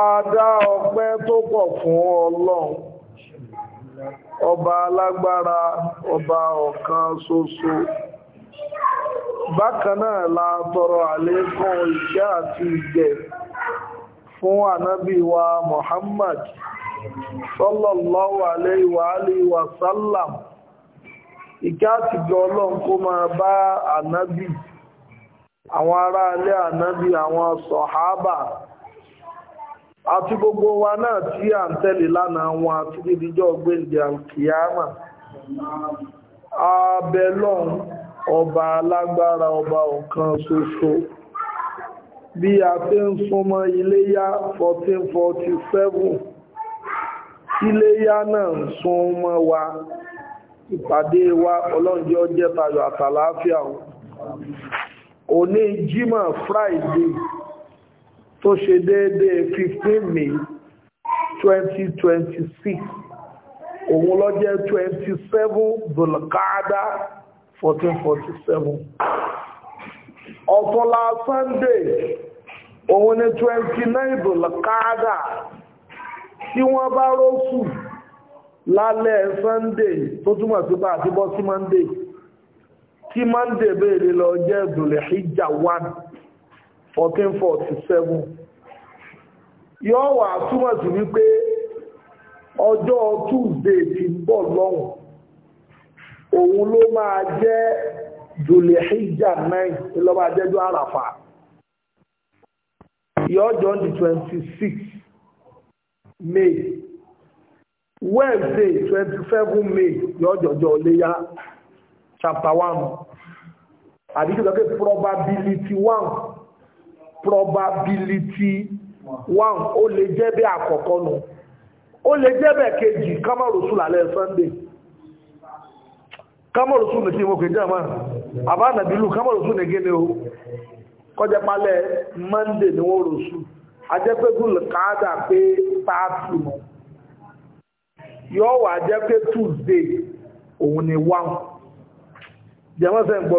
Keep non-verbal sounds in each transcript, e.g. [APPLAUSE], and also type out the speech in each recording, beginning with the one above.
a dá ọpẹ́ tó pọ̀ fún ọlọ́run ọba alágbára ọba ọ̀kan ṣoṣo bákan náà la tọrọ àlékún ìṣẹ́ àti ìjẹ fún ànábì wa Muhammad sallallahu alayhi wa alihi wa sallam ìkẹ́ àtìgbẹ̀ ọlọ́run kó máa bá ànábì àwọn ará ilé ànábì àwọn sọ̀hábà àti gbogbo wa náà tí à ń tẹ̀lé lánàá wọn àti dídíjọ́ gbẹ̀ǹdẹ̀ alkiyama abẹ́lọ́n ọba alágbára ọba ọ̀kan ṣoṣo bí a ti ń súnmọ́ iléyá 1447 iléyá náà ń súnmọ́ wa ìpàdé wa ọlọ́njẹ́ ọjẹ́ tayọ̀ àtàláfíà òní jímọ̀ friday tó ṣe déédéé fifteen may twenty twenty six òun ló jẹ́ twenty seven bulkada fourteen forty seven ọ̀tọ̀lá sunday òun ni twenty nine bulkada tí wọ́n bá rọ́sù lálẹ́ sunday tó túmọ̀ sí bá àti bọ́ sí monday tí monday béèrè lọ jẹ́ dùlẹ̀ one. 1447 yóò wà túmọ̀ sí wípé ọjọ́ Tuesday tí ń bọ̀ lọ́hùn òun ló máa jẹ́ Zulhijja 9 ló máa jẹ́jọ́ àràfà yọjọ́ di 26 May Wednesday 27 May yọjọ́jọ́ léyà chapter 1 àdíjọ́ pé probability 1 probability one ó lè jẹ́ bẹ́ẹ̀ àkọ́kọ́ nù ó lè jẹ́ bẹ́ẹ̀ kejì kamarosu lálẹ́ sunday kamarosu ní tí mo kè jẹ́ máa àbá nàbílù kamarosu ní gíní o kọjá palẹ̀ monday ni wọ́n rosu ajẹ́pẹ́gùn káàdà pé táàtù nù yóò wà jẹ́ tuesday òun ni one jẹ́mọ́sẹ̀ ń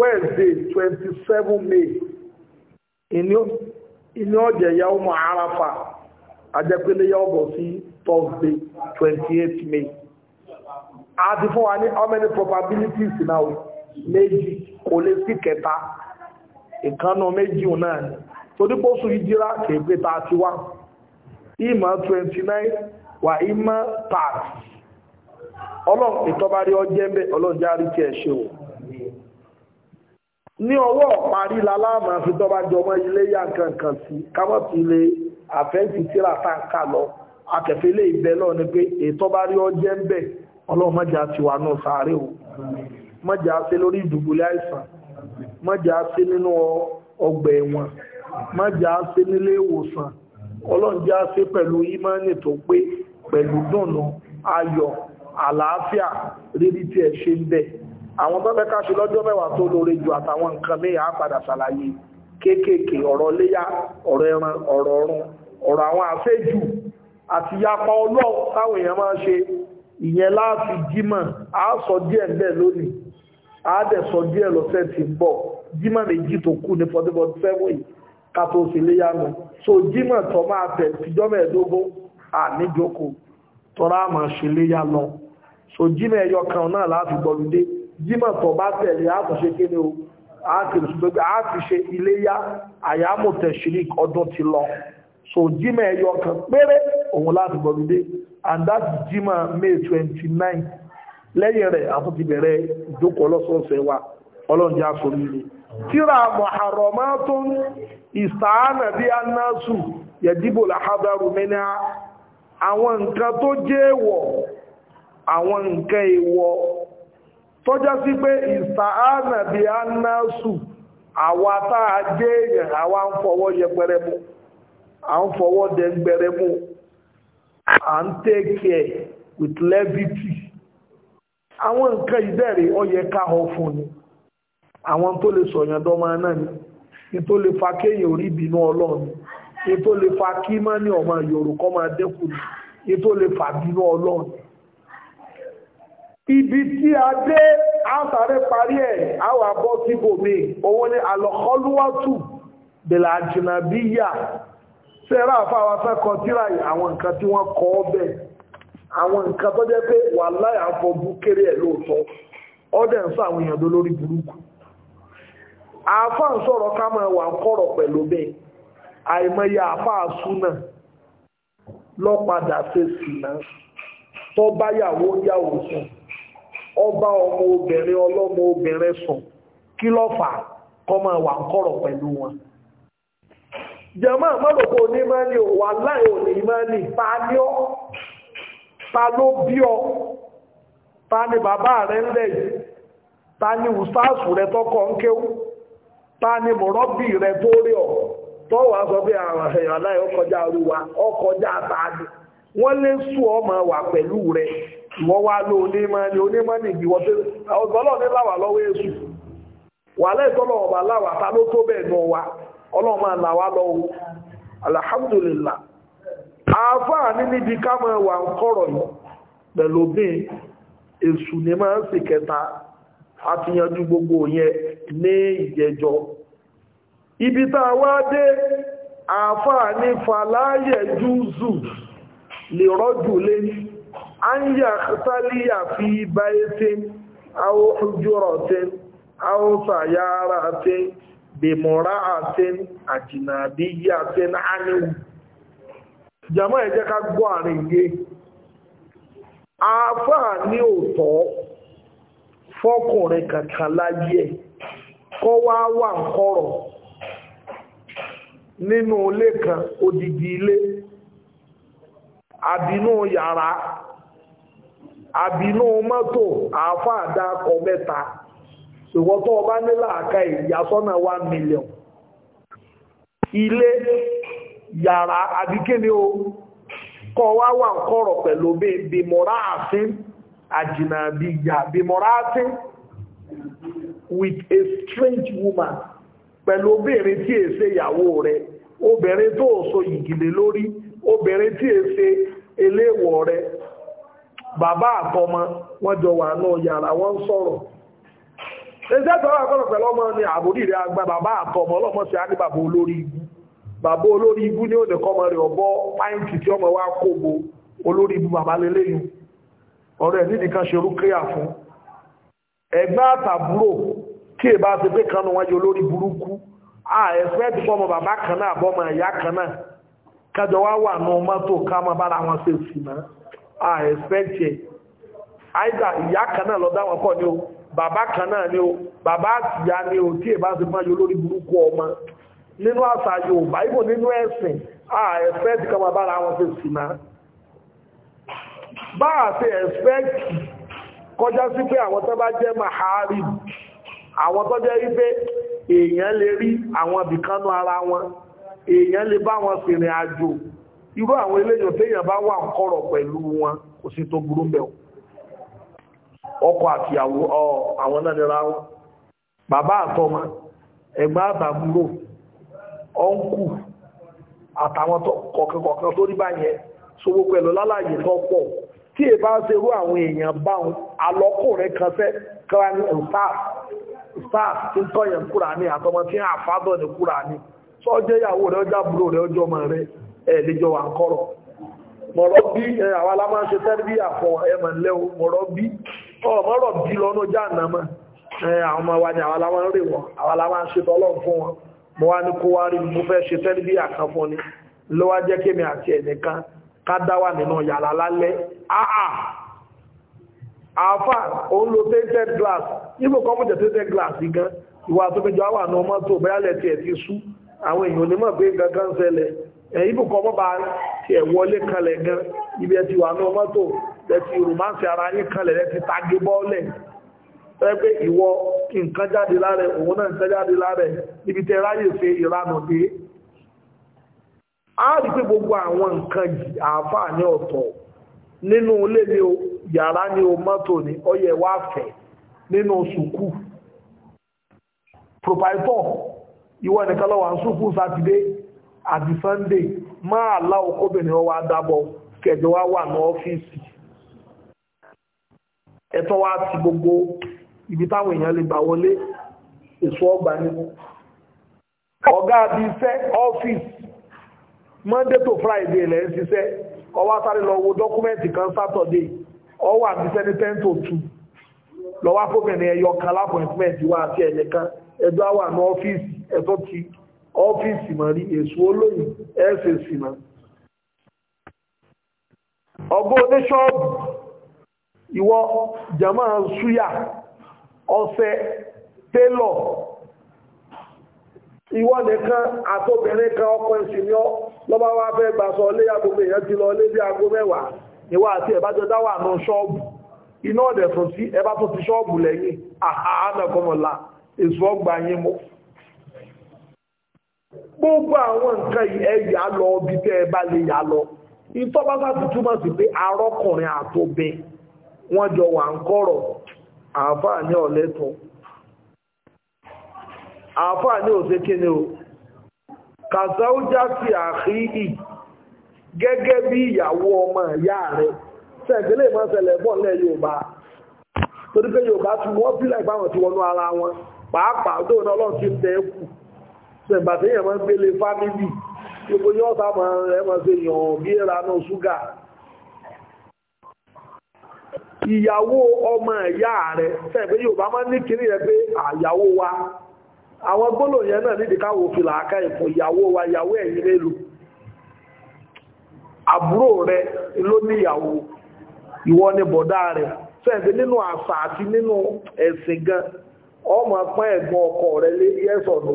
wednesday 27 may inú ọ̀jẹ̀ ya ọmọ àràfà ajẹ́pẹ́lẹ́ ọbọ̀ sí thursday may a ti fún wa ní how many probabilities now méjì kò lè sí kẹta ìkànnà méjì náà ni torípòsù ìdíra kèèpé thirty one ìmọ̀ 29 wà ìmọ̀ thirty ọlọ́run ìtọ́bárí ọjẹ́ bẹ́ẹ̀ ọlọ́run járí ní ọwọ́ parí lálámà fi tọ́ba jọmọ ilé yá kankan sí kámọ́tì ilé àfẹ́sì táǹkà lọ akẹ̀fẹ́lẹ́ ìbẹ́ lọ ni pé ètò bá rí ọjẹ́ ń bẹ̀ ti wà náà sáré o mọ́jà ṣe lórí ìdùbúlẹ̀ àìsàn mọ́jà ṣe nínú ọgbà ẹ̀wọ̀n mọ́jà ṣe nílé ìwòsàn ọlọ́run ṣe pẹ̀lú ìmọ̀ọ́nì tó pé pẹ̀lú dùnnú ayọ̀ àlàáfíà rírí tí ẹ ṣe ń bẹ̀ àwọn tó fẹ́ ká ṣe lọ́jọ́ mẹ́wàá tó lóore jù àtàwọn nǹkan mẹ́yà á padà ṣàlàyé kéékèèké ọ̀rọ̀ léyà ọ̀rọ̀ ẹran ọ̀rọ̀ ọ̀run ọ̀rọ̀ àwọn àfẹ́jù àti yapa ọlọ́ọ̀ táwọn èèyàn máa ṣe ìyẹn láti jímọ̀ á sọ díẹ̀ bẹ́ẹ̀ lónìí á dẹ̀ sọ díẹ̀ lọ́sẹ̀ tí ń bọ̀ jímọ̀ méjì tó kù ní forty so jímọ̀ tó kan náà láti gbọ́lùdé jímọ̀ tó bá tẹ̀lé àtúnṣe kí ni o àti ìṣùgbẹ́gbẹ́ àti ṣe iléyá àyámù tẹ̀ṣìrík ọdún ti lọ so jímọ̀ ẹyọ kan péré òun láti gbọ̀gbìdé and that jímọ̀ may 29 lẹ́yìn rẹ̀ àtúntì bẹ̀rẹ̀ ìjókòó ọlọ́sọ̀ọ̀sẹ̀ wa ọlọ́njẹ́ àsọ̀rìlẹ̀ tíra muharramatun ìsàánà bí anásù yẹ̀dìbò làhádàrú mẹ́nà àwọn nǹkan tó jẹ́ èèwọ̀ àwọn nǹkan èèwọ̀ tọ́já sí pé ìsàánà bí a náà sù àwa tá a jẹ́ èèyàn fọwọ́ mú with levity àwọn nǹkan ìbẹ̀rẹ̀ ọyẹ káhọ fún ni àwọn tó lè sọ̀yàn dọ́mọ náà ni ní tó lè fa kéèyàn orí ìbínú ibi tí a dé àtàrí parí ẹ̀ àwọn abọ́ sí bòmí òun ni alọ́kọ́lúwàtù bẹ̀lẹ̀ àjùnàbíyà sẹ́rà fáwọn afẹ́kọ̀ọ́ tíra àwọn nǹkan tí wọ́n kọ́ bẹ̀ àwọn nǹkan tó jẹ́ pé wà láyà fọ́bú kéré ẹ̀ lóòótọ́ ọdẹ ń sọ àwọn èèyàn lórí burúkú àáfà ń sọ̀rọ̀ ká máa wà ń pẹ̀lú bẹ́ẹ̀ àìmọye àáfà súnà lọ́padà ṣe sì náà tó báyàwó yàwó sùn ọba ọmọ obìnrin ọlọ́mọ obìnrin sùn kí ló fà wà ń kọ̀rọ̀ pẹ̀lú wọn. jẹ̀mọ́ àmọ́dọ̀kọ́ onímọ̀ọ́nì wà láì ta ni ọ́ ló bí ọ ta ni bàbá rẹ ńlẹ̀ yìí ta ni wùsáàsù rẹ tọkọ ń ta ni mọ̀rọ́bì rẹ tó rí ọ tọ́wọ́ a sọ pé ah, eh, àwọn ọkọjá wọ́n lé sùn wà pẹ̀lú rẹ̀ wọ́n wá ló onímọ̀ ni onímọ̀ ni tó ní láwà lọ́wọ́ èṣù wà lẹ́ẹ̀tọ́lọ̀ ọ̀bà láwà ta ló tó nù wa ọlọ́run máa là lọ́wọ́ ní níbi ká máa wà ń yìí pẹ̀lú ibi tá a wá dé júùzù lè an yaxtaliya fi baitin aw hujuratin aw sayaratin bi mura'atin ajnabiyatin anhu jama ẹ jẹ́ ká gbọ́ àárín yé àáfàá ní afọ fọkùnrin kankan láyé ẹ̀ kọ́ wá wà ń kọ̀rọ̀ nínú ilé kan odidi ile àbínú yara. àbínú mọ́tò ada àdákọ mẹ́ta ṣùgbọ́n ọba nílà àká ìyàsọ́nà one million ilé yàrá àdíkéni o kọ́ wá wà kọ́rọ̀ pẹ̀lú bí mọ́ra àfin with a strange woman pẹ̀lú obìnrin tí è ṣe ìyàwó rẹ̀ obìnrin tó so igile lórí obìnrin tí è ṣe eléwọ̀ rẹ̀ bàbá àtọmọ wọ́n jọ wà náà yàrá wọ́n sọ̀rọ̀ ẹgbẹ́ tọ́wọ́ àkọ́lọ̀ pẹ̀lú ọmọ ni àbòrí rẹ̀ agba bàbá àtọmọ ọlọ́mọ sí á ní bàbá olórí ibú bàbá olórí ibú ní òní kọ́mọ rẹ̀ ọ̀bọ pàǹtì tí ọmọ wa kó bo olórí ibú bàbá lélẹ́yìn ọ̀rọ̀ ẹ̀ nídìí kan ṣe rúkẹ́yà fún ẹgbẹ́ àtàbúrò kí èbá ti pé kan wọn yọ olórí burúkú à ẹ̀fẹ́ ti a expect ẹ̀ either ìyá kan náà lọ dáwọn pọ̀ ní o bàbá kan náà ní o bàbá àtìyá ní o tí èbá ti máa yọ lórí burúkú ọmọ nínú àṣà Yorùbá ibò nínú ẹ̀sìn a expect kan wà bára wọn expect kọjá sí pé àwọn tó bá jẹ́ mahari àwọn tó jẹ́ wípé èèyàn lè rí àwọn ibìkanú ara wọn èèyàn lè bá wọn sìnrìn àjò irú àwọn eléyàn téèyàn bá wà ń kọ̀rọ̀ pẹ̀lú wọn kò sí tó burú bẹ́ẹ̀ ọkọ àti àwọn náà wọn bàbá àtọmọ ẹ̀gbọ́n àtàbúrò ọ̀nkù àtàwọn kọ̀kẹ́kọ̀kẹ́ tó rí báyẹn sówó pẹ̀lú lálàyé tó pọ̀ tí è bá ṣe rú àwọn èèyàn bá wọn alọ́kùnrin kan fẹ́ kọ́ra ní staff tí ń tọ́yẹ̀ kúrà ní àtọmọ tí ń àfádọ́ ní kúrà ní sọ́jẹ́ ẹ̀ẹ́dẹ́jọ́ wà ń kọ́rọ̀ mọ̀rọ̀ bí àwọn alámọ́ ṣe tẹ́rìbí àfọ̀ ẹmọ̀ lẹ́wọ̀ mọ̀rọ̀ bí ọmọ̀rọ̀ bí lọ́nà jáànàmà àwọn ọmọ wa ni àwọn alámọ́ rè wọ́n àwọn alámọ́ ṣe tọ́lọ́ fún wọn mo wá ní kó wá rí mo fẹ́ ni ló wá jẹ́ kémi àti ẹ̀nìkan ká glass ibò kan mọ̀jẹ̀ glass gan ìwà àtúnbẹ̀jọ àwọn àna ọmọ tó bẹ́yà lẹ̀ tiẹ̀ ti sú àwọn èèyàn onímọ̀ pé gangan ṣẹlẹ̀ ìbùkọ́ bọ́bá ti ẹ̀wọlé kalẹ̀ gan ibi ẹ̀ ti wà ní mọ́tò lẹ́ti ara yín kalẹ̀ ti tagi bọ́ọ̀lẹ̀ pẹ́pẹ́ ìwọ kí jáde lára òun náà nǹkan jáde lára níbi tẹ́ ráyè dé pé gbogbo àwọn ni yàrá ọyẹ wá nínú sùkú àbí sunday máa láwọ kóbìnrin ọwọ́ adábọ̀ kẹjọ wá wà ní ọ́fíìsì ẹ̀tọ́ wá ti gbogbo ibi táwọn èèyàn lè gbà wọlé èso ọgbà nínú ọ̀gá àbí iṣẹ́ ọ́fíìsì monday to friday lẹ́ ń ṣiṣẹ́ ọwọ́ sáré lọ wo dọ́kúmẹ́ǹtì kan saturday ọwọ́ àbí iṣẹ́ ní ten to two lọ́wọ́ fóbìnrin ẹ̀yọ kan lápọ̀ìntìmẹ̀ntì wá àti ẹ̀yẹ kan ẹ̀dọ́ àwọn àmọ́ ọ́fíìsì ẹ̀tọ́ ti ọ́fíìsì mọ̀ rí èso olóyìn ẹ́sẹ̀sì mọ̀ ọgbọ́n oníṣọ́ọ̀bù ìwọ jama suya ọṣẹ télọ̀ ìwọ nìkan àtobìnrin kan ọkọ ẹ̀sìn ni ọ lọ́bá wá fẹ́ gbà sọ ọlé àgbogbo èèyàn ti lọ ọlé bí aago mẹ́wàá níwá àti ẹ̀bájọ dáwà náà ṣọ́ọ̀bù iná ọ̀dẹ̀sùn sí ẹbá tó ti ṣọ́ọ̀bù lẹ́yìn àhánàkọmọ̀lá èso ọgbà yín mú gbogbo àwọn nǹkan ẹ̀yà lọ bí tẹ́ ẹ bá lè yà lọ ìtọ́bátà ti túmọ̀ sí pé arọ́kùnrin àtobin wọ́n jọ wà ń kọ́rọ̀ àáfàá ní ọ̀lẹ́tọ̀ àáfàá ní òṣèkéne o kàzáújá sí àkíyì gẹ́gẹ́ bí ìyàwó ọmọ ìyá rẹ̀ sẹ́gbẹ́lẹ̀ ìmọ̀sẹ̀lẹ̀ bọ̀ lẹ́ Yorùbá torí pé Yorùbá tún wọ́n fílẹ̀ ìpáwọn ti wọnú ara wọn pàápàá dóòrùn ọlọ́run ti tẹ́ kù sẹ̀gbà tí èèyàn máa ń gbélé fámìlì gbogbo yóò sá máa ẹ máa ṣe yàn ṣúgà ìyàwó ọmọ ẹ̀yà rẹ̀ sẹ̀gbẹ́ Yorùbá máa ní kiri rẹ̀ pé àyàwó wa àwọn gbólò yẹn náà nídìí káwò fìlà àká ìyàwó wa ìyàwó ẹ̀yìn lélu àbúrò rẹ̀ ló ní ìyàwó ìwọ ni bọ̀dá rẹ̀ sẹ́ẹ̀dì nínú àṣà àti nínú ẹ̀sìn gan ọmọ pẹ́ ẹ̀gbọ́n rẹ̀ lé yẹ́sọ̀nù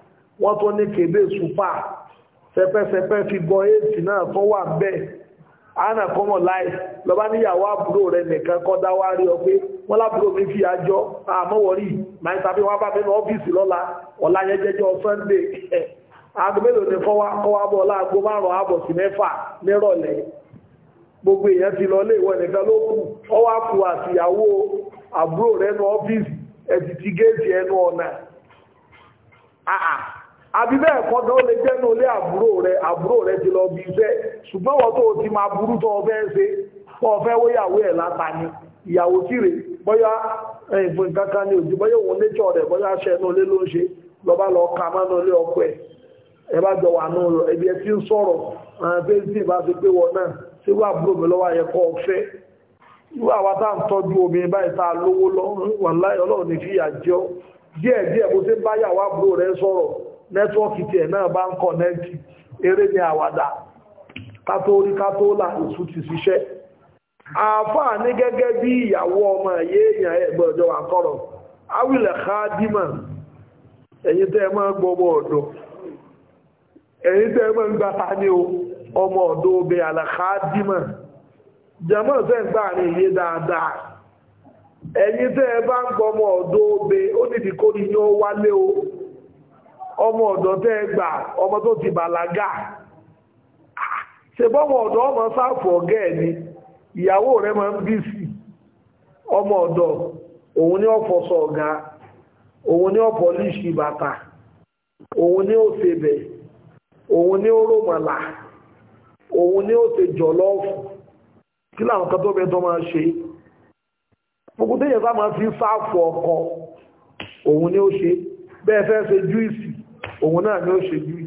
wọ́n tó ní kébé súpà sẹpẹsẹpẹ fi gọ éèsì náà tó wà bẹ́ẹ̀ ana kọmọ láì lọba níyàwó àbúrò rẹ̀ nìkan kọ́ dáwà rí ọ pé wọ́n lábúrò mi fi àjọ àmọ́wọ̀rí máa ń tàbí wọ́n bá mi ní ọ́fíìsì lọ́la ọ̀la yẹn jẹjọ sunday [LAUGHS] aago mélòó ni fọwọ́ kọ́wá bọ̀ láago márùn-ún ààbọ̀ sí mẹ́fà nírọ̀lẹ́ gbogbo èèyàn ti lọ lé ìwọ nìkan ló kù ọwọ́ àpò àtìyàwó àbúrò rẹ̀ ní ọ́fíìsì ẹ̀sì ti géètì ẹnu àbí bẹ́ẹ̀ kọ́ gan ó lè jẹ́ ní olé àbúrò rẹ̀ àbúrò rẹ̀ ti lọ bí iṣẹ́ ṣùgbọ́n wọ́n tó ti máa burú tó ọfẹ́ ṣe tó ọfẹ́ wóyàwó ẹ̀ láta ni ìyàwó tí rè bóyá ìfún kankan ní òjú bóyá òun létí ọ̀rẹ́ bóyá aṣẹ ní olé ló ń ṣe lọ́ba lọ ka má ní olé ọkọ ẹ̀ ẹ bá jọ wà ní ọ̀rọ̀ ẹbí ẹ ti ń a lówó bó ṣe ń bá yàwó àbúrò rẹ̀ sọ̀rọ̀ nẹ́tíwọ́ọ̀kì tiẹ̀ náà bá ń kọ̀nẹ́ẹ̀tì eré ní àwàdà kátórí kátóla èsù ti ṣiṣẹ́ àáfàá ní gẹ́gẹ́ ìyàwó ọmọ yéèyàn ẹ̀gbọ́n ọjọ́ wà kọ̀rọ̀ awilẹ̀ káàdìmọ̀ ẹ̀yin tẹ́ ẹ máa ń gbọ́ ọmọ ọ̀dọ́ enyete ọmọ ọdụ obè ala ha ọmọ ọ̀dọ́ obè ó nìdí o. ọmọ ọ̀dọ̀ tẹ́ gbà ọmọ tó ti bàlágà ṣèbọ́mọ ọ̀dọ̀ ọmọ sáàfù ọ̀gẹ́ ẹ̀ ni ìyàwó rẹ̀ máa ń bí sí ọmọ ọ̀dọ̀ òun ní ọ̀fọ̀ sọ ọ̀gá òun ní ọ̀pọ̀ líṣì bàtà òun ní òṣèbẹ̀ òun ní òròmọ̀là òun ní òṣè jọ̀lọ́ọ̀fù kí làwọn kan tó bẹ tó máa ṣe fòkútéyẹ̀ sá máa fi sáàfù ọkọ òun ní ó ṣe bẹ́ẹ̀ fẹ́ ṣe júìsì òun náà ni ó ṣe jù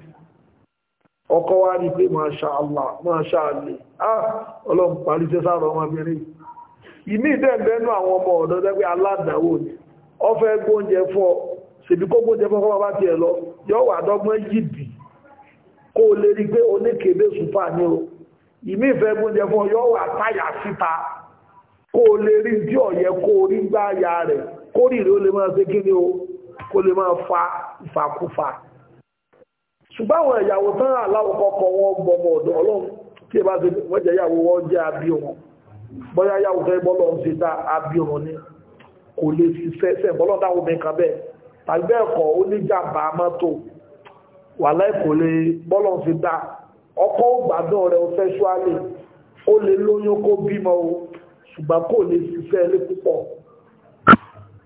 ọkọ wá ní pé masha Allah masha Allah ah ọlọ́run parí sẹ́sà rọ ọmọbìnrin ìní ìdẹ́ẹ̀dẹ́nu àwọn ọmọ ọ̀dọ́ jẹ́gbé aládàáwò ni ọ fẹ́ gbóúnjẹ fún ọ ṣèbí kó gbóúnjẹ fún ọkọ̀ bá tiẹ̀ lọ yọ wà dọ́gbọ́n yìdì kó o lè rí pé oníkèébé sùpà ní o ìmí ìfẹ́ gbóúnjẹ fún ọ yọ kó lè máa ṣe kí ni o kó lè máa fa ìfàkúfà ṣùgbọ́n àwọn ìyàwó tán aláwọ̀ kọ́kọ́ wọn gbọmọ ọ̀dọ̀ ọlọ́run tí ẹ bá ṣe wọ́n jẹ́ ìyàwó wọn jẹ́ àbí wọn bọ́yá ìyàwó tán bọ́lọ̀ ń ṣe tá àbí wọn ni kò lè fi fẹ́sẹ̀ bọ́lọ̀ dáwọ́ mi kan bẹ́ẹ̀ tàbí ẹ̀kọ́ ó ní jàǹbá mọ́tò wà láì kò lè bọ́lọ̀ ń ṣe tá ọkọ lóyún kó bímọ o ṣùgbọ́n kò lè ṣiṣẹ́ ilé púpọ̀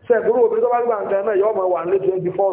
ṣẹ̀gbọ́n obìnrin tó bá gbà nǹkan náà yọ ọmọ wà ní twenty four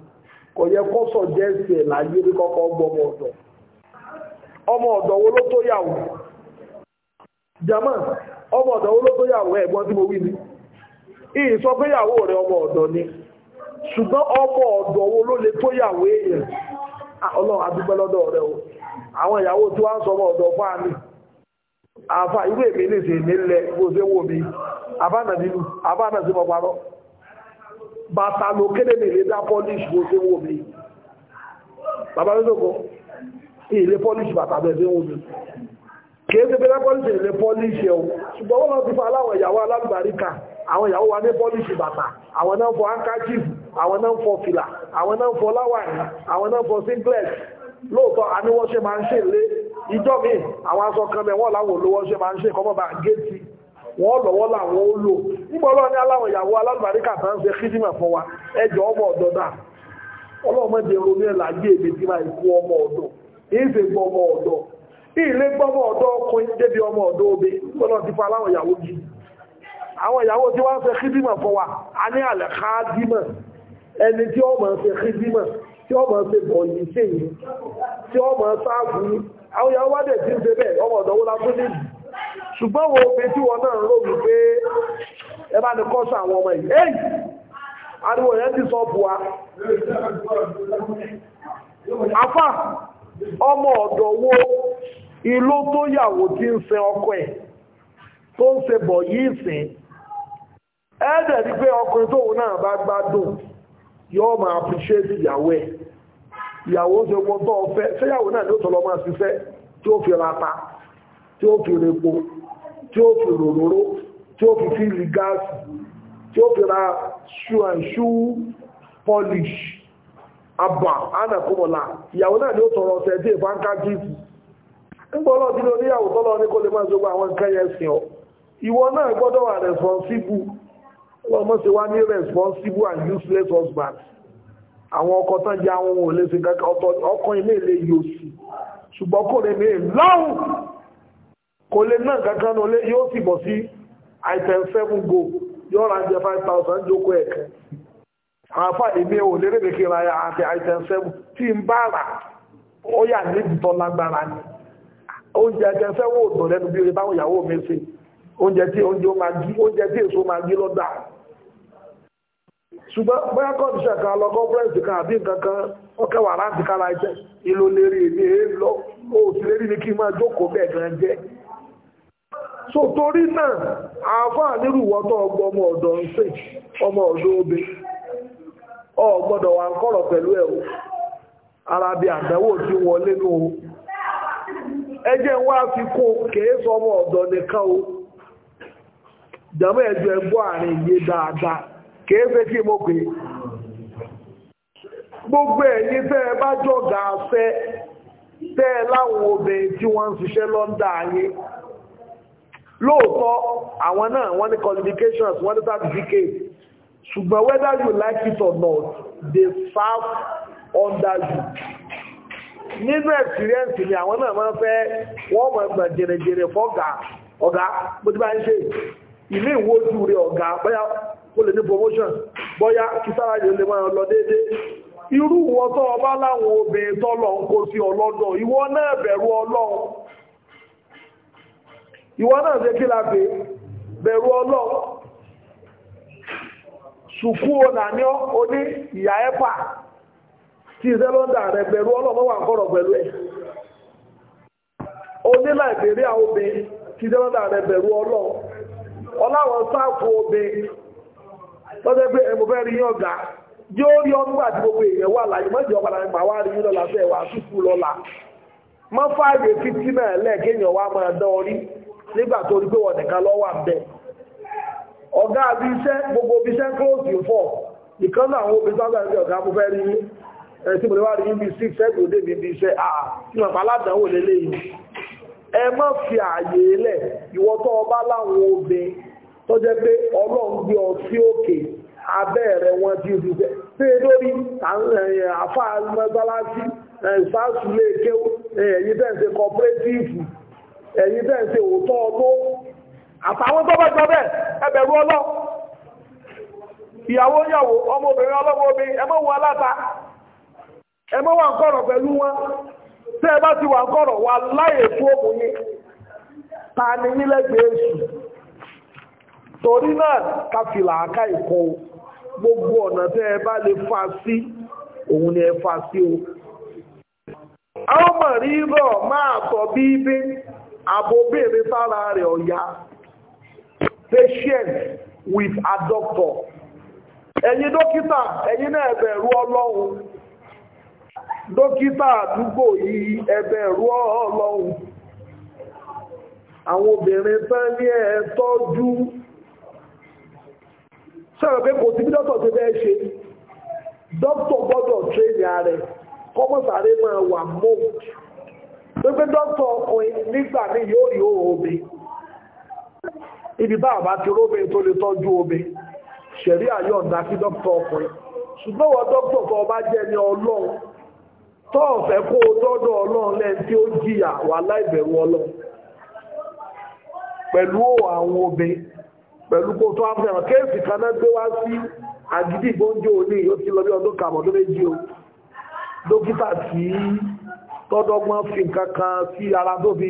kò yẹ kó sọ jẹ́sì láyé bí ọmọ ọdọ ọmọ ọ̀dọ̀ wo ló jama ọmọ ọdọ wo ló tó yàwó ẹ̀gbọ́n tí mo wí ni ìyí sọ pé yàwó ọmọ ọdọ ni ṣùgbọ́n ọmọ ọdọ wo ló lè tó yàwó èèyàn ọlọ́run o àwọn ìyàwó tí sọ ọmọ fáà ní bàtà ló kéde ní ilé dá polish bó ṣe wò mí bàbá ló dòkó ilé polish bàtà bẹ̀ ṣe wò mí kìí ṣe bẹ́rẹ̀ polish ilé polish ẹ̀ o ṣùgbọ́n wọ́n lọ ti fa aláwọ̀ ìyàwó alábàríkà àwọn ìyàwó wa ní polish bàtà àwọn náà fọ handkerchief àwọn náà fọ fìlà àwọn náà fọ láwàní àwọn náà fọ singlet lóòótọ́ àníwọ́ṣe máa ń ṣe lé ìjọ́ mi àwọn aṣọ kan mẹ́wọ́n láwọn olówó ṣe máa ń ṣe kọ́mọ́ bá géètì wọ́n lọ́wọ́ làwọn ó lò nígbà ọlọ́run ní aláwọ̀ ìyàwó alálùbáríkà kan ń ṣe kídìmà fún wa ẹjọ́ ọmọ ọ̀dọ́ dà ọlọ́mọdé ronú ẹ̀ láyé èmi tí máa ikú ọmọ ọ̀dọ́ ìṣe gbọ́ ọmọ ọ̀dọ́ ilé gbọ́ ọmọ ọ̀dọ́ ọkùnrin débi ọmọ ọ̀dọ́ obe ọlọ́run ti fa aláwọ̀ ìyàwó jì àwọn ìyàwó tí wọ́n ń ṣe kídìmà fún wa a ní àlẹ́ káàdìmọ̀ ẹni tí ọmọ ń ṣe kídìmọ̀ tí ọmọ ṣe wádẹ̀ tí ń ṣe bẹ́ẹ̀ ọmọ ọ̀dọ́wó la tún ṣùgbọ́n wo pé tí wọ́n náà rò wípé ẹ ní àwọn ọmọ ariwo yẹn ti sọ bùa afá ọmọ ọ̀dọ̀ wo ìlú tó yàwó tí ń sin ọkọ ẹ̀ tó ń ṣe bọ̀ yìí sìn ẹ́ẹ̀dẹ̀ ni pé ọkùnrin tóun náà bá gbádùn yóò máa ìyàwó ẹ̀ ìyàwó ṣe tó náà ni tọ́lọ́ máa fi ra ta tí ó fi po tí ó fi ròróró tí ó fi fíìlì gáàsì tí ó fi ra shoe and polish abà anakumola ìyàwó náà ni ó tọrọ ọ̀sẹ̀ tí èèfà ń ká jíìtì ní kó lè máa àwọn nǹkan yẹn sìn ọ́ ìwọ náà gbọ́dọ̀ wà responsible ọlọ́mọ wá ní responsible and useless husband àwọn ọkọ tán jẹ́ àwọn ohun ọkọ ilé ilé yóò ṣùgbọ́n kò lè kò lè náà kankan náà yóò sì bọ̀ sí go yóò ra jẹ five thousand jókòó ẹ̀kan àfa èmi ò lérè mi kí n ra àti item tí n bá rà ó yà níbi tó lágbára ni oúnjẹ ò dùn lẹ́nu bí o lè báwọn ìyàwó mi ṣe oúnjẹ tí oúnjẹ máa gí oúnjẹ tí èso máa gí lọ́dà ṣùgbọ́n bóyá kọ́ ìṣẹ́ kan lọ kọ́pẹ́rẹ́sì kan àbí nǹkan ọkẹ́ wà láti kára ìlò èmi èé lọ n so torí náà àáfàá nírúwọ́tọ̀ ọgbọ́ ọmọ ọ̀dọ̀ ń ọmọ ọ̀dọ̀ obe ọ gbọdọ ń kọ̀rọ̀ pẹ̀lú ẹ̀ o ara bí àdánwò tí wọlé nù o ẹjẹ́ wá fi kó ọmọ ọ̀dọ̀ nìkan o jàmọ́ ẹgbọ́ àárín iye dáadáa kèé kí gbogbo bá tí wọ́n ń ṣiṣẹ́ lóòótọ́ àwọn náà wọ́n ní qualifications wọ́n ní certificate ṣùgbọ́n whether you like it or not they serve under you nínú experience ni àwọn náà máa fẹ́ wọ́n mọ̀ ẹgbẹ̀ jẹrẹjẹrẹ fọ́gà ọ̀gá bó ti bá ń ṣe ilé ìwójú rẹ̀ ọ̀gá bóyá kó lè ní promotion bóyá kí sára yóò lè máa lọ déédé irú wọn tó ọba láwọn obìnrin tọ́lọ̀ ń kó sí ọlọ́dọ̀ ìwọ náà bẹ̀rù ọlọ́run ìwọ náà ṣe kí lápé bẹ̀rù ọlọ́run sùkú onàní oní ìyá ẹ́pà tí iṣẹ́ lọ́ndà rẹ̀ bẹ̀rù wà kọ́rọ̀ pẹ̀lú ẹ̀ oní Nàìjíríà obìnrin tí rẹ̀ bẹ̀rù ọlọ́run ọláwọ̀n sáàkù obìnrin lọ́jọ́ pé rí yóò rí ọdún gbogbo èèyàn wà láyé rí lọ́la wà túkú lọ́la mọ́ nígbà tó rí pé wọ́n nìkan lọ́wọ́ àbẹ́ ọ̀gá àbí iṣẹ́ gbogbo ibi iṣẹ́ close in four ìkan náà àwọn obìnrin sábà ní ọ̀gá mo fẹ́ rí yín ẹ̀ tí mo lè wá rí yín bí six ẹgbẹ̀rún débi ibi iṣẹ́ àà tí wọ́n pa aládàáwò lélẹ́yìn ẹ má fi ààyè lẹ̀ ìwọ tó ọba láwọn obìnrin tó jẹ́ Eyi bẹ́ẹ̀ ṣe òótọ́ ọdún àtàwọn tó bá jọ bẹ́ẹ̀ ẹbẹ̀rú ọlọ́ ìyàwó yàwó ọmọbìnrin obìnrin ẹ aláta ẹ wà nkọ̀rọ̀ pẹ̀lú wọn tí ẹ bá ti wà nkọ̀rọ̀ wà láyè fún ta ni yín lẹ́gbẹ̀ẹ́ torí náà káfílà gbogbo ọ̀nà ẹ bá lè fa sí òun ni ẹ fa sí o. àwọn máa àbòbèrè sára rẹ̀ ọ̀yá patient with a doctor ẹ̀yin dókítà ẹ̀yin náà ẹ̀bẹ̀rù ọlọ́run dókítà àdúgbò yìí ẹ̀bẹ̀rù ọlọ́run àwọn obìnrin tán ní ẹ̀ tọ́jú sọ̀rọ̀ pé kò sí bí dókítà ti bẹ́ẹ̀ ṣe dókítà gbọ́dọ̀ tréní ààrẹ kọ́mọ̀sáré máa wà mọ́ọ̀tì pé dókítà ọkùnrin nígbà ní yóò rí omi ibi bá àbá ti rómi tó lè tọ́jú omi ṣẹ̀rí àyọ̀ǹda sí dókítà ọkùnrin ṣùgbọ́n wọ́n dókítà tó ọba jẹ́ ní ọlọ́run tọ́ọ̀fẹ́ kó o dọ́dọ̀ ọlọ́run lẹ́n tí ó jìyà wà láìbẹ̀rù ọlọ́run pẹ̀lú àwọn obìnrin pẹ̀lú kó tó áfẹ́ràn kéèsì kan náà gbé wá sí àgídìgbò oúnjẹ òní ó ti lọ bí ọdún kàmọ́ tó méjì o dókítà tọ́dọ́gbọ́n fi kankan sí ara tó fi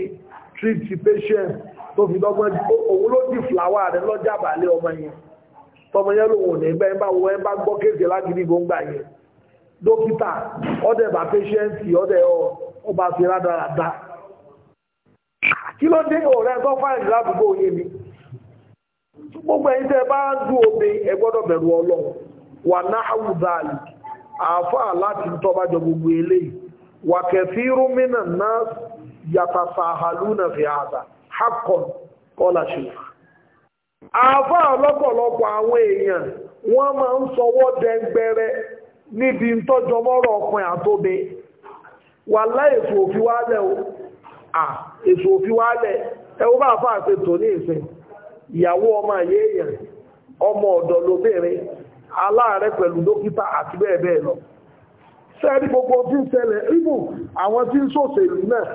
treat the patient tó fi dọ́gbọ́n òun ló di flower rẹ̀ lọ́jà balẹ̀ ọmọ yẹn tọmọ yẹn lòun ò ní bẹ́ẹ̀ bá wọ ẹ bá gbọ́ kéde lágídí gbòǹgbà yẹn dókítà ọdẹ bá patient ọdẹ ọba fi rádaràda kí ló dé ọ̀rẹ́ tó fáìlì ládùúgbò yẹn ni gbogbo ẹ̀yin tẹ́ bá ń dún omi ẹ gbọ́dọ̀ bẹ̀rù ọlọ́run wà náà àwùjọ àlè àáfàá láti tọ́bájọ gbogbo eléyìí wa kathiru na nas yatasahaluna fi hadha haqqan qala shaykh àbá ọlọ́pọ̀lọpọ̀ àwọn èèyàn wọ́n máa ń sọwọ́ dẹngbẹrẹ níbi tọ́jọmọ́rọ̀ ọkùnrin àtóbe wà láì èso òfin wálẹ̀ o ìyàwó ọmọ ọdọ ọmọ lóbìnrin bẹ́ẹ̀ bẹ́ẹ̀ lọ sẹ́ẹ̀rí gbogbo tí ń ṣẹlẹ̀ ibù àwọn tí ń ṣòṣèlú náà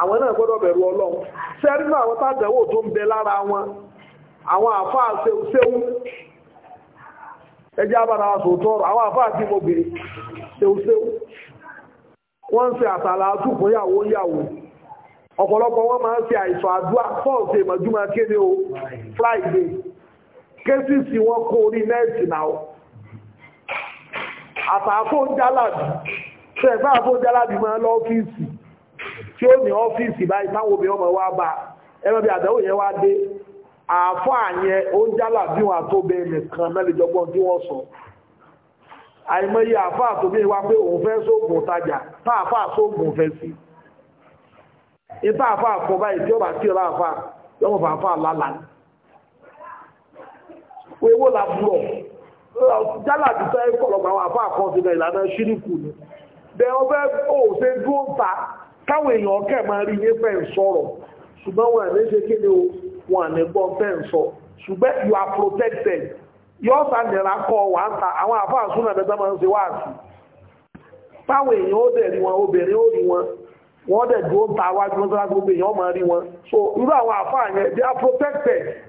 àwọn náà gbọ́dọ̀ bẹ̀rù ọlọ́run sẹ́ẹ̀rí náà tó ń bẹ lára wọn àwọn àfáà ṣeun ẹjẹ́ abára wa àwọn àfáà tí mo gbèrè ṣeun wọ́n ń ṣe àtàlà àtúkùn yàwó yàwó ọ̀pọ̀lọpọ̀ wọ́n máa ń ṣe àìsàn àdúrà fọ́ọ̀sì ìmọ̀júmọ́ kéde o Friday kéṣìṣì wọ́n kó orí àtàfó jálàbí ṣẹ̀gbá àfó jálàbí máa lọ ọ́fíìsì tí ó ní ọ́fíìsì báyìí táwọn obìnrin ọmọ wa bá ẹgbẹ́ bí àdáwò yẹn wá dé àfó àyẹn ó ń jálàbí wọn àtóbẹ̀ nìkan mẹ́lẹ̀jọgbọ́n tí wọ́n sọ àìmọye àfó àtóbẹ̀ wá pé òun fẹ́ sóògùn tajà táàfó àsóògùn fẹ́ sí ìta àfó àfọ báyìí tí ó bá tí ó láàfá yọmọ fàáfá lálàá owó làbúrọ̀ jálà ti sọ ẹ̀kọ́lọ̀pọ̀ àwọn àfáà kan ìlànà ṣíríkù ni bẹ ọbẹ̀ ò ṣe ta káwọn èèyàn kẹ̀ máa rí yé fẹ́ ń ṣùgbọ́n wọn àní ṣe kí wọn àní gbọ́n fẹ́ sọ ṣùgbọ́n you are protected yóò sá nira kọ ta àwọn àfáà súnà dẹ́gbẹ́ máa ń ṣe wáàsí táwọn èèyàn ó dẹ̀ rí wọn obìnrin ó rí wọn wọ́n dẹ̀ dúró ta wájú mọ́sálásí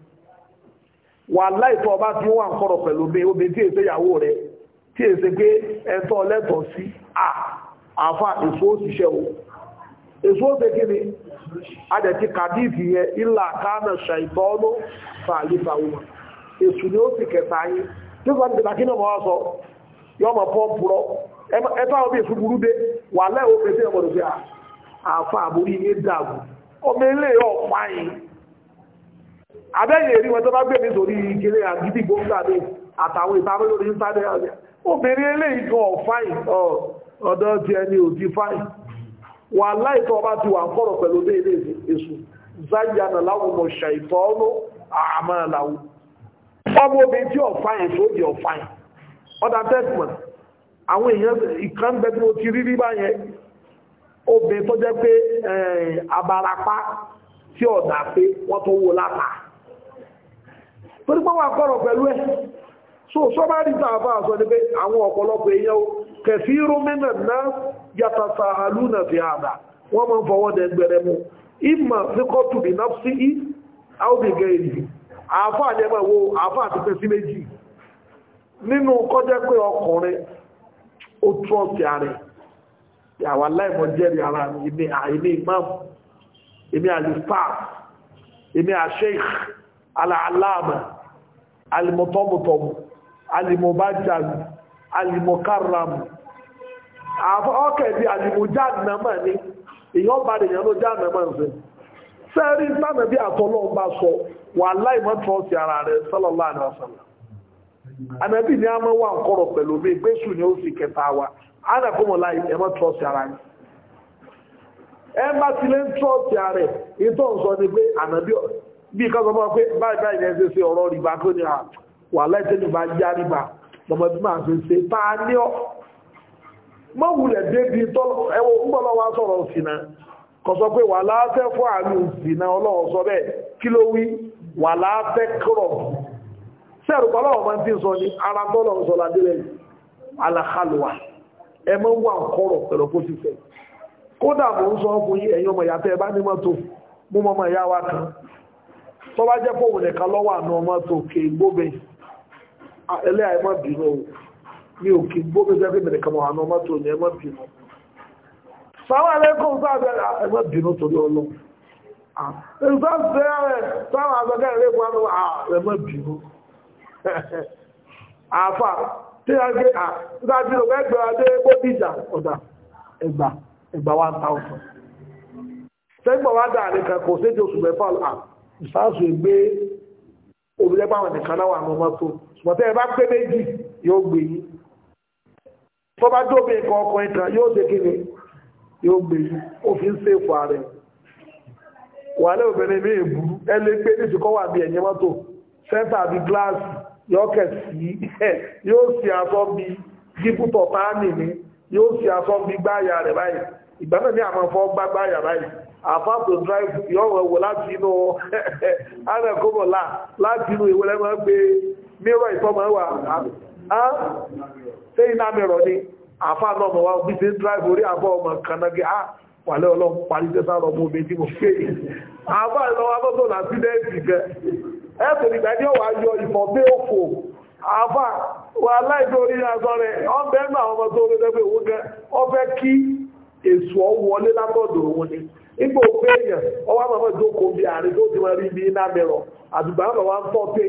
wà láìtọ́ ọba tí wà ń kọ́rọ̀ pẹ̀lú obìnrin obìnrin tí èsè ìyàwó rẹ̀ tí èsè pé ẹ̀tọ́ lẹ́tọ̀ sí àfà èso òṣìṣẹ́ o èso òṣè kí ni adẹ̀tí kàdíìtì yẹn ilà kánà ṣàìtọ́nú fàálífàwọ́ èsù ni ó sì kẹta yín tí ó sọ ní kí ni abẹ́yìn èrí wọn tó bá gbèmí sórí ìkéré àgídì gbóngbàdé àtàwọn ìbámu lórí ìsáré ọ̀rẹ́ obìnrin eléyìí kan fáìn ọ̀dọ́ ti ẹni ò ti fáìn wà láìtọ́ ọba ti wà ń kọ̀rọ̀ pẹ̀lú ilé èṣù záyàna láwùmọ̀ ṣàìtọ́ ọ́nú àmà làwù ọmọ obìnrin tí ọ̀fáìn tó di ọ̀fáìn ọ̀dà tẹ́sìmọ̀n àwọn èèyàn ìkan bẹ tí mo ti rí rí báyẹn obìnrin tó jẹ́ pé abarapá tí ọ̀dà pé wọ́n tó wó lápá torí pé wà kọ̀rọ̀ pẹ̀lú ẹ̀ so sọ́bà rí tá a bá sọ ni pé àwọn ọ̀pọ̀lọpọ̀ èèyàn o kẹfì rómìnà náà yàtà sàhálù náà fi àdá wọ́n máa ń fọwọ́ dẹ gbẹrẹ mu ìmọ̀ fíkọ́tù bí náà sí í áwùbìgẹ̀ èyí àáfà ni ẹ máa wo àáfà àti pẹ́sí méjì nínú kọjá pé alimọ̀tọ́mọ̀tọ́mù alimọ̀bájàmù alimọ̀káràmù ọkẹ̀bí alimọ̀jánàmà ni èyàn bá lè yàn ló jánàmà ṣe sẹ́rí bá sọ wà láìmọ́ tọ́sí ara rẹ̀ sọ́lọ́lá àdásọ́lá ni a máa wà nkọ́rọ̀ pẹ̀lú mi ni ó sì kẹta wa ánàkọ́mọ̀lá ara ẹ bí kan sọ pé báyìí báyìí ẹ̀ ṣe ṣe ọ̀rọ̀ rìbá tó ní wà láìsẹ́jù bá já rìbá lọ́mọ bí máa ṣe ṣe bá a ní ọ́ mọ́wulẹ̀ débi tọ́lọ́ ẹ̀wọ̀ ńgbọ́lọ́ wa sọ̀rọ̀ sínà kò sọ pé wà láàfẹ́ fún àmì sínà ọlọ́run sọ bẹ́ẹ̀ kí ló wí wà láàfẹ́ kúrọ̀ sẹ́rù pọ́lọ́wọ́ máa ti sọ ní ara tọ́lọ́ sọ ládélẹ̀ alakalwa ẹ mọ́ wà kọ́rọ̀ pẹ̀lú kó ti fẹ́ kódà mò ń sọ fún yín ẹ̀yin ọmọ ìyá tẹ́ ẹ bá ní mọ́tò mú mọ́mọ́ ìyá kan tó bá jẹ́ pòwò nìkan lọ́wọ́ àna ọmọ tó kè gbóbe ẹlẹ́ àìmọ́ bínú o mi ò kì gbóbe jẹ́ pé mẹ́nìkan wà àna ọmọ tó ní ẹmọ́ bínú sáwọn ẹlẹ́kùn sáàbẹ̀ ẹmọ́ bínú torí ọlọ́ [LAUGHS] àfà tí a gbé à láti lọ ẹgbẹ̀rẹ̀ adé gbódìjà ọ̀dà ẹgbà ẹgbà 1000 tẹ́gbà wá dáa nìkan kò séjì oṣù mẹ́fà àà ìsáàsù gbé òbílẹ́pọ̀ àwọn nìkan náà wà ní mọ́tò ṣùgbọ́n tẹ́ ẹ bá pé méjì yóò gbé yín tó bá dóbi nǹkan ọkùnrin kan yóò ṣe kí ni yóò gbé yín ó fi ń ṣèfò ààrẹ wà lẹ́ obìnrin mi èbú ẹ lè gbé ní ìsìnkọ́ wà bí ẹ̀yìn mọ́tò sẹ́ńtà àbí gíláàsì yóò kẹ̀ sí [LAUGHS] yóò sì aṣọ bí gípútọ̀ páánì ni yóò sì aṣọ bí gbáyà rẹ̀ báyìí ìgbà náà ní àmọ́ fọ́ gbá gbáyà báyìí Afa to drive yọ̀wọ̀ ẹ̀wọ̀ láti inú arẹ́kọ́bọ̀lá [LAUGHS] láti inú ìwẹ̀lẹ́ máa gbé mírọ̀ ìtọ́mọ̀ wà ṣe iná mẹ́rọ̀ ní àfá náà mọ̀ wá bí ṣe drive orí àbọ̀ ọmọ kanáàgé á wàlẹ́ ọlọ́run parí tẹ́sà rọ̀ mú òun ipò òkú èèyàn ọwọ́ àmọ́ ìjókòó bíi àárín tó ti máa rí bíi iná mẹ́rọ̀ àdùgbà àmọ́ wa ń tọ́ pé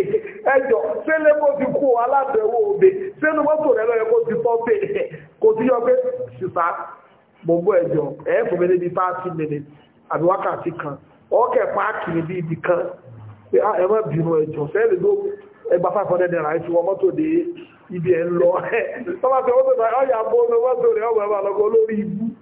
ẹjọ́ sẹ́lẹ̀ kó ti kú alábẹ̀wò òde sẹ́nu mọ́tò rẹ lọ́yẹ kó ti tọ́ pé [LAUGHS] kò sí yọ pé sísá mo bú ẹjọ́ ẹ̀ fún mi níbi fáàtì mẹ́lẹ̀ àbí wákàtí kan ọ̀kẹ́ páàkì níbi ibì kan ah, ẹ má bínú ẹjọ́ sẹ́lẹ̀ ló ẹgbà five hundred naira ìfi wọn mọ́tò dé ibi ẹ̀ ń lọ ẹ̀ [LAUGHS] tọ́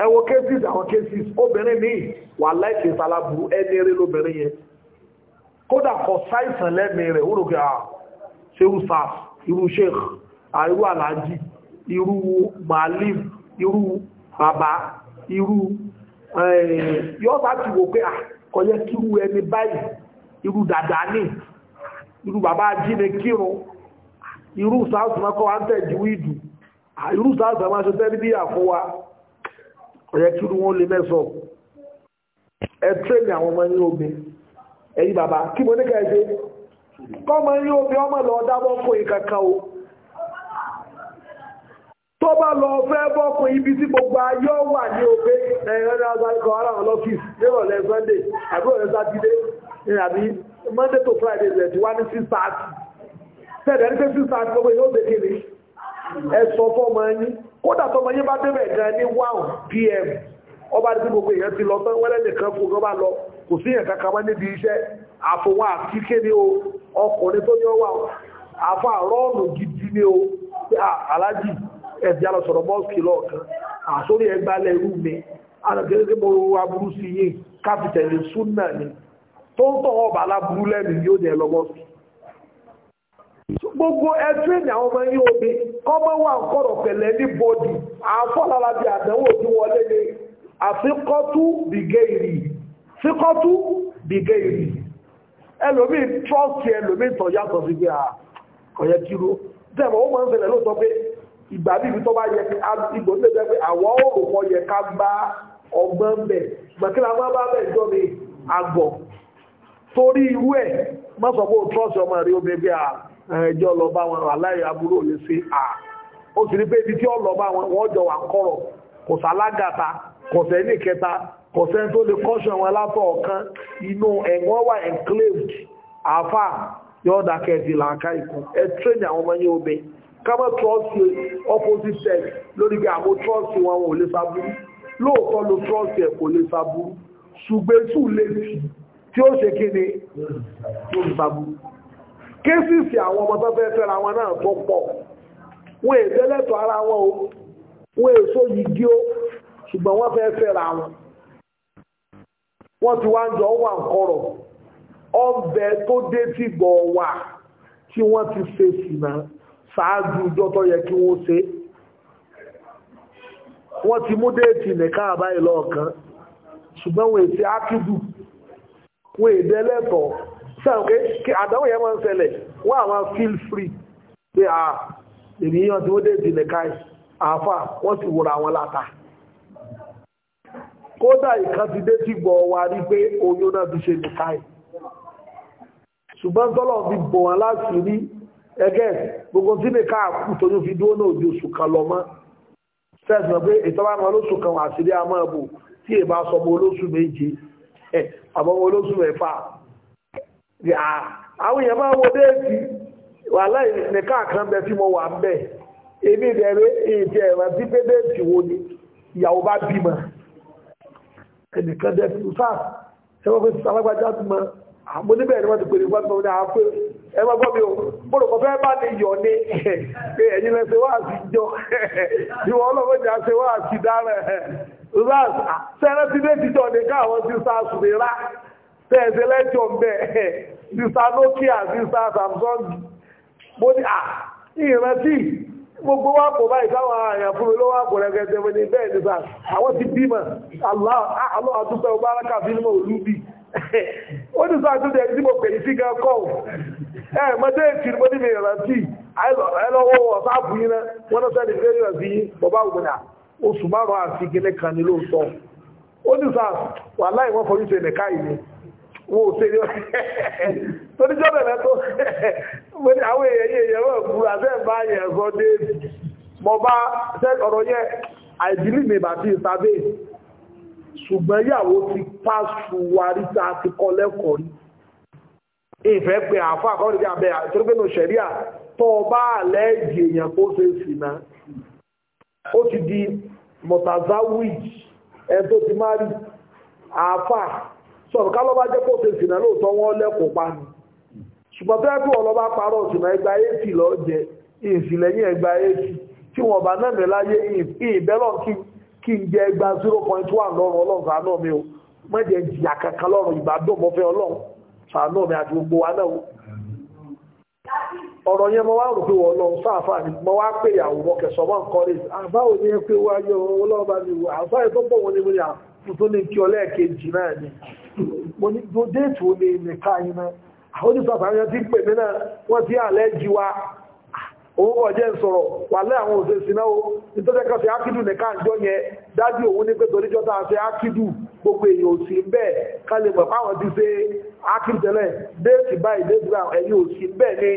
ẹ wo cases àwọn cases obìnrin míì wà láìkè sálábùrú ẹni eré lóbìnrin yẹn kódà kọ sáìsàn lẹ́mìí rẹ̀ ó rògbé ṣéwù sars irú sheikh irú alhaji irú malim irú bàbá irú yóò bá ti wò pé àkọyẹ kírú ẹni báyìí irú dàdà ní irú bàbá jíne kírun irú sáàsùn mọ́kọ́ wá ń tẹ̀jú ìdù irú sáàsùn mọ́ ṣe tẹ́lẹ̀ bí àfọwà ọ̀yẹ́ kí wọ́n lè mẹ́sọ̀ ẹ tírẹ́nì àwọn ọmọ yín omi ẹ̀yin bàbá kí mo ní ká ẹ dé kọ́ ọmọ yín omi ọmọ lọ dábọ́ fún yín kankan o tó bá lọ fẹ́ bọ́kùn ibi tí gbogbo ayọ́ wà ní òpé ẹ̀rọ ní agbáríkọ̀ ara wọn lọ́fíìsì nírọ̀lẹ́ Sunday àbúrọ̀lẹ́ sátidé ìrìnàbí Monday to Friday rẹ̀ ti wá ní 6:30 tẹ́lẹ̀ ní pé 6:30 gbogbo yóò dé kiri ẹ sọ fọ́mọ yín kódà tó mọ̀yí bá débẹ̀ gan ní 1 pm ọba ní gbogbo èèyàn ti lọ tán wẹ́lẹ́ nìkan fún ọba lọ kò sí ẹ̀ka kan wọ́n níbi iṣẹ́ àfòwọ́n àti kéde o ọkùnrin tó ní ọwà gidi ni o alájì ẹ̀dí alọ́sọ̀rọ̀ lọ́ọ̀kan àsórí irú mi aburú sí yìí ni tó ń ọba aláburú lẹ́nu yóò gbogbo ẹtúrẹ́ ní àwọn ọmọ yín omi kọ́mọ wà nkọ́rọ̀ pẹ̀lẹ́ ní bọ́dì àfọ́lára bí àdánwò tí wọlé ni àfikọ́tú bìgẹ́ìrì fíkọ́tú bìgẹ́ìrì ẹlòmíì trọ́ọ̀tì ẹlòmíì tọ̀ yàtọ̀ sí pé àkọ̀yẹ kíro dẹ̀mọ̀ ó máa ń fẹ̀lẹ̀ lóòótọ́ pé ìgbà bíbi tó bá yẹ ìgbò tó jẹ́ pé àwọ̀ òrùkọ yẹ ká bá ọgbọ́n bẹ̀ gbàkílà máa bá bẹ̀ jọ mi àgbọ̀ torí irú ẹ̀ mọ́sọ̀gbọ́ trọ́ọ̀tì ọmọ rẹ̀ obìnrin ẹjọ́ lọ bá wọn aláì aburú ò lè ṣe à ó sì rí pé ibi tí ó lọ bá wọn wọ́n jọ wà ń kọ̀rọ̀ kò sálágàta kò sẹ́ni kẹta kò sẹ́ni tó lè kọ́ṣọ̀ wọn látọ̀ ọ̀kan inú ẹ̀wọ̀n wà enclaved àáfà yọ̀ọ̀dà kẹ̀dì làǹkà ikú ẹ tírẹ̀nì àwọn ọmọ yẹn obìnrin kámọ́ trọ́ọ̀sì opposite sex lórí bí àwọn trọ́ọ̀sì wọn wọn ò lè sábúrú lóòótọ́ lo trọ́ọ̀sì ẹ̀ kò lè sábúrú ṣùgbẹ́sù lè tì tí ó ṣe kí ni tó sábúrú kéésìsì àwọn ọmọ tó fẹ́ fẹ́ra wọn náà tó pọ̀ wọ́n èdélẹ́tọ̀ ara wọn o wọ́n èso yìí o ṣùgbọ́n wọ́n fẹ́ fẹ́ra wọn wọ́n ti wá ń jọ wà ń kọ̀rọ̀ ọbẹ̀ tó dé tí gbọ̀ wà tí wọ́n ti ṣe sìnà ṣáájú ọjọ́ tó yẹ kí wọ́n ṣe wọ́n ti mú déètì nìkan àbáyé lọ́ọ̀kan ṣùgbọ́n wọ́n èsì ákídù wọ́n èdélẹ́tọ̀ọ́ sẹ́wọ̀n kí àdánwò yẹn máa ń ṣẹlẹ̀ wọ́n àwọn feel free pé à ènìyàn tí wọ́n dé ìdílé káì àáfà wọ́n sì wòrà àwọn láta kódà ìkan ti dé tí gbọ́ wa rí pé oyún náà fi ṣe nìkáì ṣùgbọ́n tọ́lọ̀ fi bò wọn láti rí ẹgẹ́ gbogbo tí nìka àkú tóyún fi dúró náà di oṣù kan lọ mọ́ sẹ́sìn pé ìtọ́wá máa lóṣù kan àṣírí àmọ́ ẹ̀bù tí èèbá sọmọ olóṣù méje ẹ̀ olóṣù mẹ́fà àwọn èèyàn máa wo déètì wà láì nìkan àkàn bẹ tí mo wà ń bẹ èmi ìdẹ̀rẹ́ èdè ẹ̀rọ tí pé déètì wo ni ìyàwó bá bímọ ẹnìkan dẹ fún sáà ṣẹ́wọ́n fún alágbájá tó mọ àmọ́ níbẹ̀ ni wọ́n ti pèrè wọ́n ní ẹgbẹ́ bá ní ní [LAUGHS] ẹ̀yin lẹ́sẹ̀ wá sí jọ [LAUGHS] wá sí dára ẹ̀ sẹ́rẹ́ jọ ní káwọn sí sáà sùn tẹ́ẹ̀sẹ̀ lẹ́jọ́ mẹ́ ẹ̀ sísá nokia sísá samsung mo ah à ìrántí gbogbo wa kò báyìí sáwọn àyàn fún mi ló wà kò rẹ̀gẹ̀dẹ̀ mi ní bẹ́ẹ̀ ní sá àwọn ti bímọ aláwọ̀ àdúgbò ah, ọba aláka fi nímọ̀ òlú bì [LAUGHS] ó ní sáà tún tí mo pèyí sí gan kọ́ ẹ̀ mọ́tẹ́ ìtìrì mo ní mi ìrántí ẹlọ́wọ́ wọ̀sáàpù yín náà wọ́n náà sẹ́ni fẹ́ sí bọ́bá òmìnira ah, oṣù márùn-ún àti gẹ́lẹ́ kan ní lóòótọ́ ó ní sáà wàláì wọ́n sí ẹ̀nẹ̀ká yìí wọn ò ṣeré ọtí torí jọ́ bẹ̀rẹ̀ tó mo ní àwọn èèyàn yìí èèyàn wọ̀ fún àṣẹ ìbá yẹn sọ dé mo bá ṣe ọ̀rọ̀ yẹn àìdílé mi bàtí ìsàbẹ̀ ṣùgbọ́n ìyàwó ti pàṣù warí tá a ti kọ́ lẹ́kọ̀ọ́ rí ìfẹ́ pé àfọ́ àkọ́rí bí abẹ́ àtúrógbénu ṣẹ̀ríà tó o bá àlẹ́jì èèyàn kó ṣe sì náà ó ti di mọ̀tàzáwì ẹ̀ tó ti má rí àfà sọ̀rọ̀ ká lọ́ba jẹ́ kó ṣe ìsìnà lóòótọ́ wọn lẹ́kùn pa ni ṣùgbọ́n tó yẹ kí wọn lọ́ba parọ́ ìsìnà ẹgbàá eighty lọ jẹ ìsìnlẹ̀yìn ẹgbàá eighty tí wọn bá náà mẹ́láyé ìbẹ́lọ̀ kí n jẹ ẹgbàá zero point one lọ́rùn ọlọ́run sàánú mi o mọ́jẹ̀ jìyà kankan lọ́rùn ìbàdàn mọ́fẹ́ ọlọ́run sàánú mi àti gbogbo wa náà ọ̀rọ̀ yẹn mo wá mo ní tó déètì ó lè lè àwọn ti pè mí náà wọ́n ti àlẹ́ jí wa òun kọ̀ jẹ́ sọ̀rọ̀ wà àwọn òṣèṣì náà nítorí ákídù nìkan gbogbo òsì ń bẹ́ẹ̀ ti ṣe ákídù tẹ́lẹ̀ déètì báyìí déètì ẹ̀yìn òsì ń bẹ́ẹ̀ ni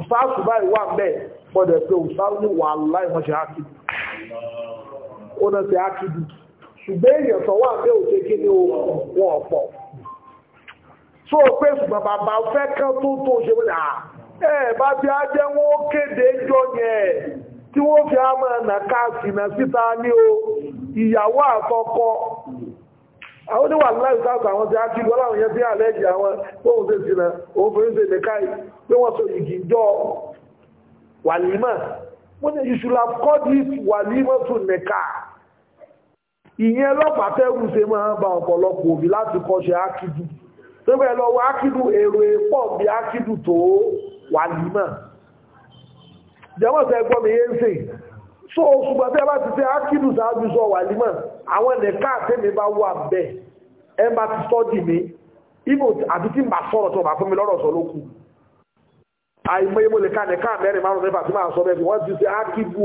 ìfáàsù báyìí wà bẹ́ẹ̀ gbọ́dọ̀ pé ṣùgbọ́n èèyàn tó wà bẹ́ẹ̀ òṣè kí ni wọn ọ̀pọ̀ tó o pé ṣùgbọ́n bàbá fẹ́ kán tó tó ṣe wọ́n ah, ẹ̀ bá bí a jẹ́ wọ́n ó kéde jọ yẹn tí wọ́n fi á máa nà káàsì nà síta ní o ìyàwó àtọkọ àwọn oníwà láìsáàtà àwọn ti ákí gọ́lá àwọn yẹn tí àlẹ́jì àwọn tóhun ṣe sí na òun fèrè ṣe lẹ́káì pé wọ́n so ìgì jọ wàlímà wọ́n ni you should have called it wàlímà to nìkáà ìyẹn lọ́pàá tẹ́gùn ṣe máa ń ba ọ̀pọ̀lọpọ̀ òbí láti kọ́ṣe ákídù tó bẹ́ẹ̀ lọ́wọ́ ákídù èrò pọ̀ bí ákídù tó wà nímọ̀ jẹ́mọ̀sẹ̀ gbọ́ mi yé ń se so ṣùgbọ́n tẹ́ bá ti ṣe ákídù ṣáájú sọ wà nímọ̀ àwọn nìka àtẹ́mi bá wà bẹ́ẹ̀ ẹ bá ti sọ́dì mi ibo àti mẹ́rin márùn-ún mẹ́fà tí máa sọ bẹ́ẹ̀ wọ́n ti ṣe ákídù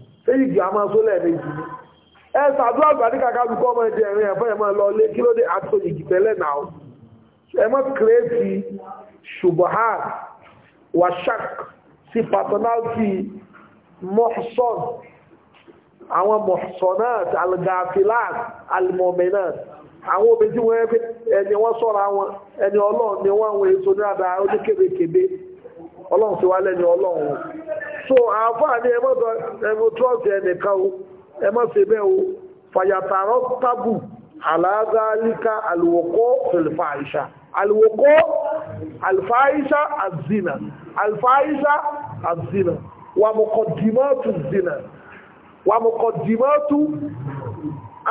ṣé ìgì ama máa sólẹ̀ méjì ni ẹ ṣàdúrà gbàdí kàkà lùkọ́ ọmọ ẹ̀jẹ̀ lọ lé kí ló dé àtò ìgì tẹ́lẹ̀ náà ẹ má kírètì wasak washak sí pàtàkì mohson àwọn mohsonat algafilat almomenat àwọn obìnrin tí ẹni wọn ẹni ni àwọn èso ní àdá wá so àáfàá ni ẹmọ trọ́ọ̀sì ẹnìkan o ẹmọ ṣe bẹ́ẹ̀ o fàyàtàrọ́ tábù aláàzálíkà alùwòkó fìlfàìṣà alùwòkó alfàìṣà àzìnà alfàìṣà àzìnà wàmùkọ̀dìmọ́tù zìnà wàmùkọ̀dìmọ́tù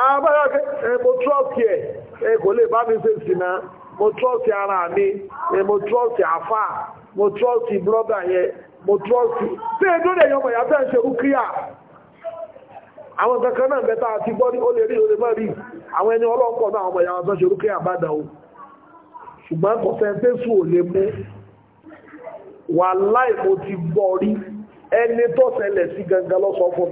àbáyọ̀kẹ́ ẹmọ trọ́ọ̀sì ẹ̀ ẹ kò lè bá mi ṣe sìnà mo trọ́ọ̀sì ara mi mo trọ́ọ̀sì àfà mo trọ́ọ̀sì brọ́dà yẹn mo tí èdè lè yọmọ ìyàtọ̀ ṣe àwọn kankan náà bẹ́ta àti gbọ́ ní ó lè rí ó lè má rí àwọn ẹni ọlọ́pọ̀ náà ọmọ ṣe bá dà ṣùgbọ́n kọ̀sẹ̀ntẹ́sù ò lè mú wà láì mo ti gbọ́ rí ẹni tó sí gangan fún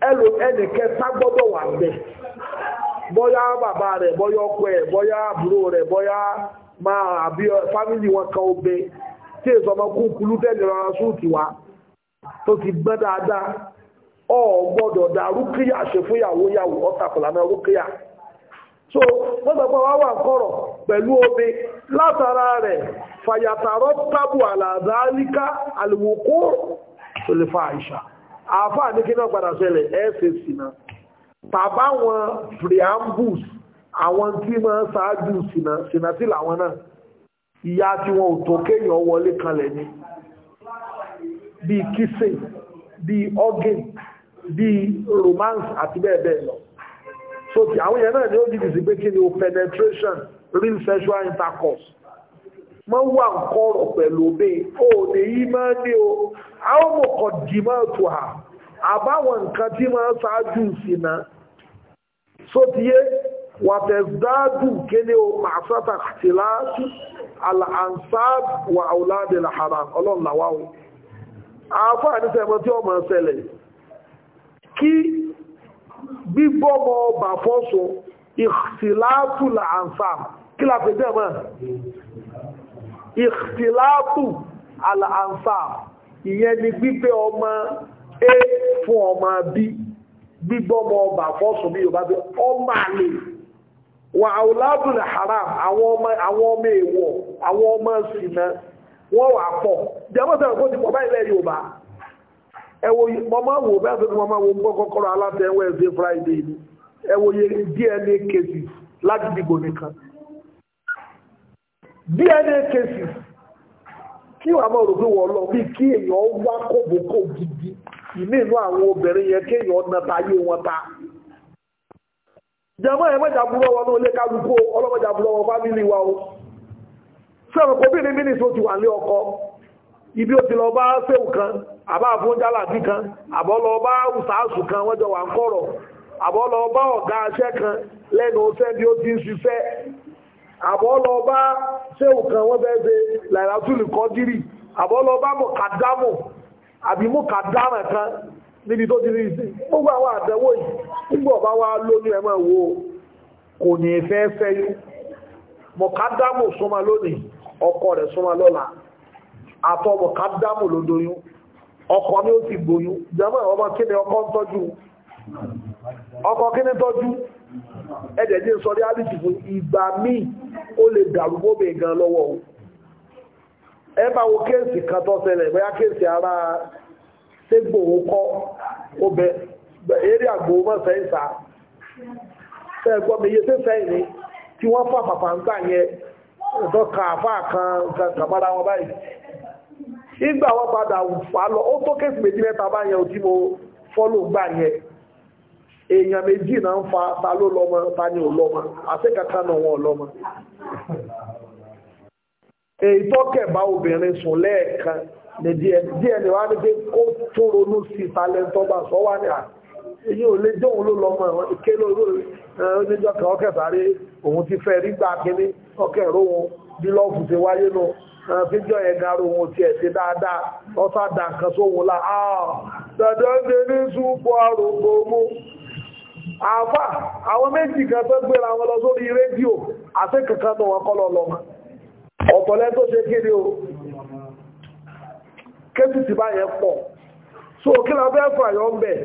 ẹlò ẹnì kẹta gbọ́dọ̀ wà bẹ̀ bọ́yá bàbá rẹ̀ bọ́yá ọkọ ẹ̀ bọ́yá àbúrò rẹ̀ bọ́yá máa àbí wọn kan obe tí èso ọmọ kú kulú tẹ́lẹ̀ rárá súùtì wa tó ti gbẹ́ dáadáa ọ gbọ́dọ̀ dá rúkìyà ṣe so wọ́n sọ pé wà kọ̀rọ̀ obe látara rẹ̀ fàyàtàrọ́ tábù àlàdáríkà tó lè fa àáfàá ní kí náà padà ṣẹlẹ̀ ẹ́ẹ̀fẹ̀sì náà bàbá wọn preambles àwọn tí máa ṣáájú sínà sínà sí làwọn náà ìyá tí wọn ò tó kéèyàn wọlé kanlẹ̀ ni bíi kissing bíi organ bíi romance àti bẹ́ẹ̀ bẹ́ẹ̀ lọ so ti àwọn yẹn náà ni ó dìbì sí pé kí ni o penetration real sexual intercourse mọ́ wà ń kọ́rọ̀ pẹ̀lú obe ó lè yí máa ní o àwọn mọ̀kọ̀ dì máa tù à àbáwọn nǹkan tí máa ṣáájú ìsìnà sótìyé wàtẹ̀sídáàdù kéde o máa sátà àti láàtú àlàáńsáàd wà àwòláàdì làhàrà ọlọ́run làwáwò àáfàá ní sẹ́mọ́ tí ọmọ ṣẹlẹ̀ kí gbígbọ́mọ ọba fọ́sọ ìsìláàtù làáńsáàd kí láti dẹ́mọ̀ ìfìláàbù àlàáfà ìyẹn ni gbígbé ọmọ a fún ọmọ b gbígbọ́mọ ọba fọ́sùn bí yorùbá bí ọmọ àlè wà áwùládùn haram àwọn ọmọ àwọn ọmọ èèwọ̀ àwọn ọmọ sínà wọ́n wà pọ̀ jẹ́mọ́ sọ̀rọ̀ kó ti pọ̀ báyìí lẹ́ yorùbá ẹwọ mọ́mọ́ wò bẹ́ẹ̀ tó ní DNA cases láti dìbò DNA cases kí wàá máa rò pé wọ́n lọ bí kí èèyàn wá gidi ìmí àwọn obìnrin yẹn kí na wọn ta. jẹ́mọ́ ẹ̀ mọ́jà burú ọwọ́ náà lé kálukú ọlọ́mọjà burú ọwọ́ fámìlì wa o. ibi ó ti lọ bá sẹ́wù kan àbá àfúnjálàbí kan àbọ̀ lọ bá kan wọ́n jọ wà ń kọ̀rọ̀ àbọ̀ lọ bá ọ̀gá kan lẹ́nu ọ̀sẹ́ bí ó ti ń àbọ̀ lọ bá ṣéwù kan wọ́n fẹ́ ṣe làìlátùlù kọ́dírì àbọ̀ lọ bá mọ̀kàdámù àbí mọ̀kàdámà kan níbi tó ti rí sí gbogbo àwọn àdẹ̀wò yìí nígbà ọba wá lóyún ẹmọ ìwò kò ní fẹ́ fẹ́ yú mọ̀kádámù súnmọ́ lónìí ọkọ rẹ̀ súnmọ́ lọ́la àtọ mọ̀kádámù ló doyún ọkọ ni ó ti gbóyún jẹ́mọ́ ọmọ kí ni ó lè dàrú bóbe gan lọ́wọ́ o ẹ bá wo kéèsì kan tó ṣẹlẹ̀ bóyá kéèsì ara ségbò òun kọ́ obẹ̀ eré àgbò mọ́ sẹ́yìn sá ẹgbọ́n mi yé sẹ́sẹ́ ìní tí wọ́n fà pàpà ń gbà yẹn ìtọ́ka àfà kan kàmára wọn báyìí nígbà wọn padà fà lọ ó tó kéèsì méjì mẹ́ta bá yẹn ò tí mo fọ́lù gbà yẹn èèyàn méjì náà ń fa ta ló lọ́mọ ta ni ò lọ́mọ àṣekàkà náà wọn ò lọ́mọ. èyí tó kẹ̀bá obìnrin sùn lẹ́ẹ̀kan ní díẹ̀ díẹ̀ ni wàá ní pé kó tún ronú sí ìtàlẹ́ntọ́ bá sọ wá ní à èyí ò lè jóun ló lọ́mọ ké lóru oníjọ́ kan ọkẹ́ sáré òun ti fẹ́ nígbà kínní ọkẹ́ róhun bí lọ́ọ̀fù ti wáyé nù fíjọ́ yẹn gan róhun tiẹ̀ ṣe dáadáa ọ̀sá dà nǹkan sóhun la dandan ṣe ní súnpọ̀ àrògbò àfà àwọn méjì kan tó gbéra wọn lọ sórí rédíò àti kankan tó wọn kọ́lọ̀ lọ ma ọ̀tọ̀lẹ́ tó ṣe kéde o kéjì ti bá yẹn pọ̀ so kí la fẹ́ fà yọ ń bẹ̀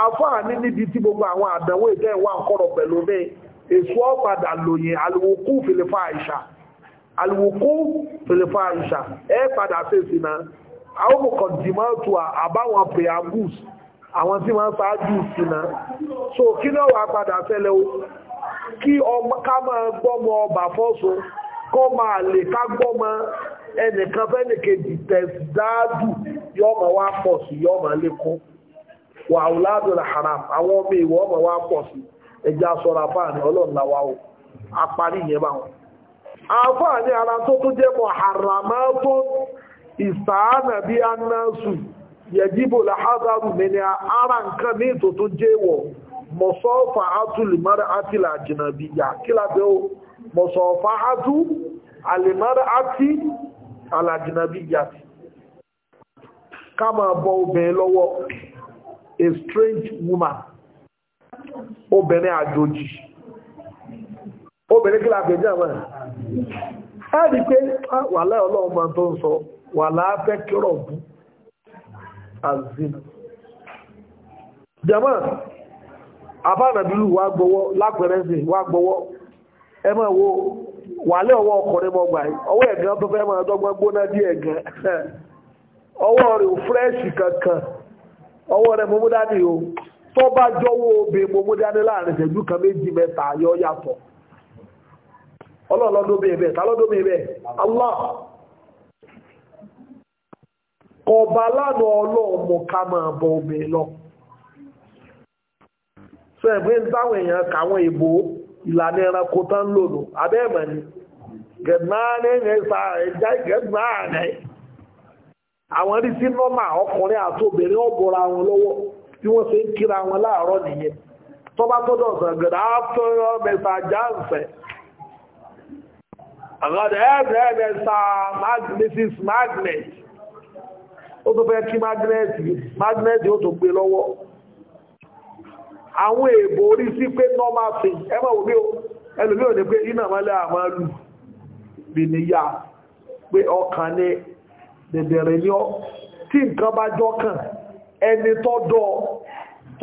àfà ní níbi tí gbogbo àwọn àdánwò ìtẹ́ wà ń kọ́rọ̀ pẹ̀lú bẹ́ẹ̀ èso ọ̀padà lòyìn àlùwòkú fìlẹ̀fà àìṣà ẹ padà fèsì náà àwọn mọ̀kàn dìmọ́tò àbáwọn preambus àwọn tí wọ́n ṣáájú ìsìnà so kí náà wà padà fẹ́lẹ̀ o kí ká máa gbọ́mọ ọba fọ́so kọ́ máa lè ká gbọ́mọ ẹnìkan fẹ́nìkejì tẹ̀sídáàdù yọ́mọ̀ wá pọ̀ sí yọ́mọ̀ wà áwùládùn haram àwọn ọmọ ìwọ̀ ọmọ wá pọ̀ sí ẹja sọ́ra fáàní wà làwà o yẹ̀jíbò làhádàrù mẹ́ni ara nǹkan ní ìtòtún jẹ́wọ̀ mọ̀sọ́fà átùlìmọ́rẹ́ àti làjìnàbíyà kí lábẹ́ o mọ̀sọ́fà átù àlìmọ́rẹ́ àti àlàjìnàbíyà ká máa bọ obìnrin lọ́wọ́ a strange woman obìnrin àjòjì obìnrin kí lábẹ́ jẹ́ àwọn ẹ̀rí pé ah, wàlá ọlọ́run tó ń sọ azina jama abánàbílù wà gbọ́wọ́ lápẹrẹsì wà gbọ́wọ́ ẹ máa wo wàlẹ́ ẹ̀gán tó fẹ́ máa gbóná díẹ̀ gan ọwọ́ rẹ̀ kankan ọwọ́ rẹ̀ mọ́mú dání o tó kan Allah kọba lánà ọlọ́ọ̀mọ ká bọ obi lọ sọ ẹ̀gbẹ́ ń táwọn èèyàn káwọn ìbò ìlànà ẹranko tán ń lò nù ni àwọn rí sí ọkùnrin àti obìnrin ọ̀bọ̀ra wọn lọ́wọ́ tí ń wọn láàárọ̀ nìyẹn tó bá tọ́jọ́ sọ̀gẹ̀dà áfẹ́rọ Mrs. Magnet ó tó fẹ́ kí magnẹ́ẹ̀tì magnẹ́ẹ̀tì ó tó gbé lọ́wọ́ àwọn èèbò orí sí pé normal thing ẹmọ̀ òbí o ẹlòmí ò ní pé iná mọ́lẹ̀ àmọ́lù bì ní yá pé ọkàn ní dẹ̀dẹ̀rẹ̀ ní ọ tí nǹkan bá jọ́kàn ẹni tọ́dọ̀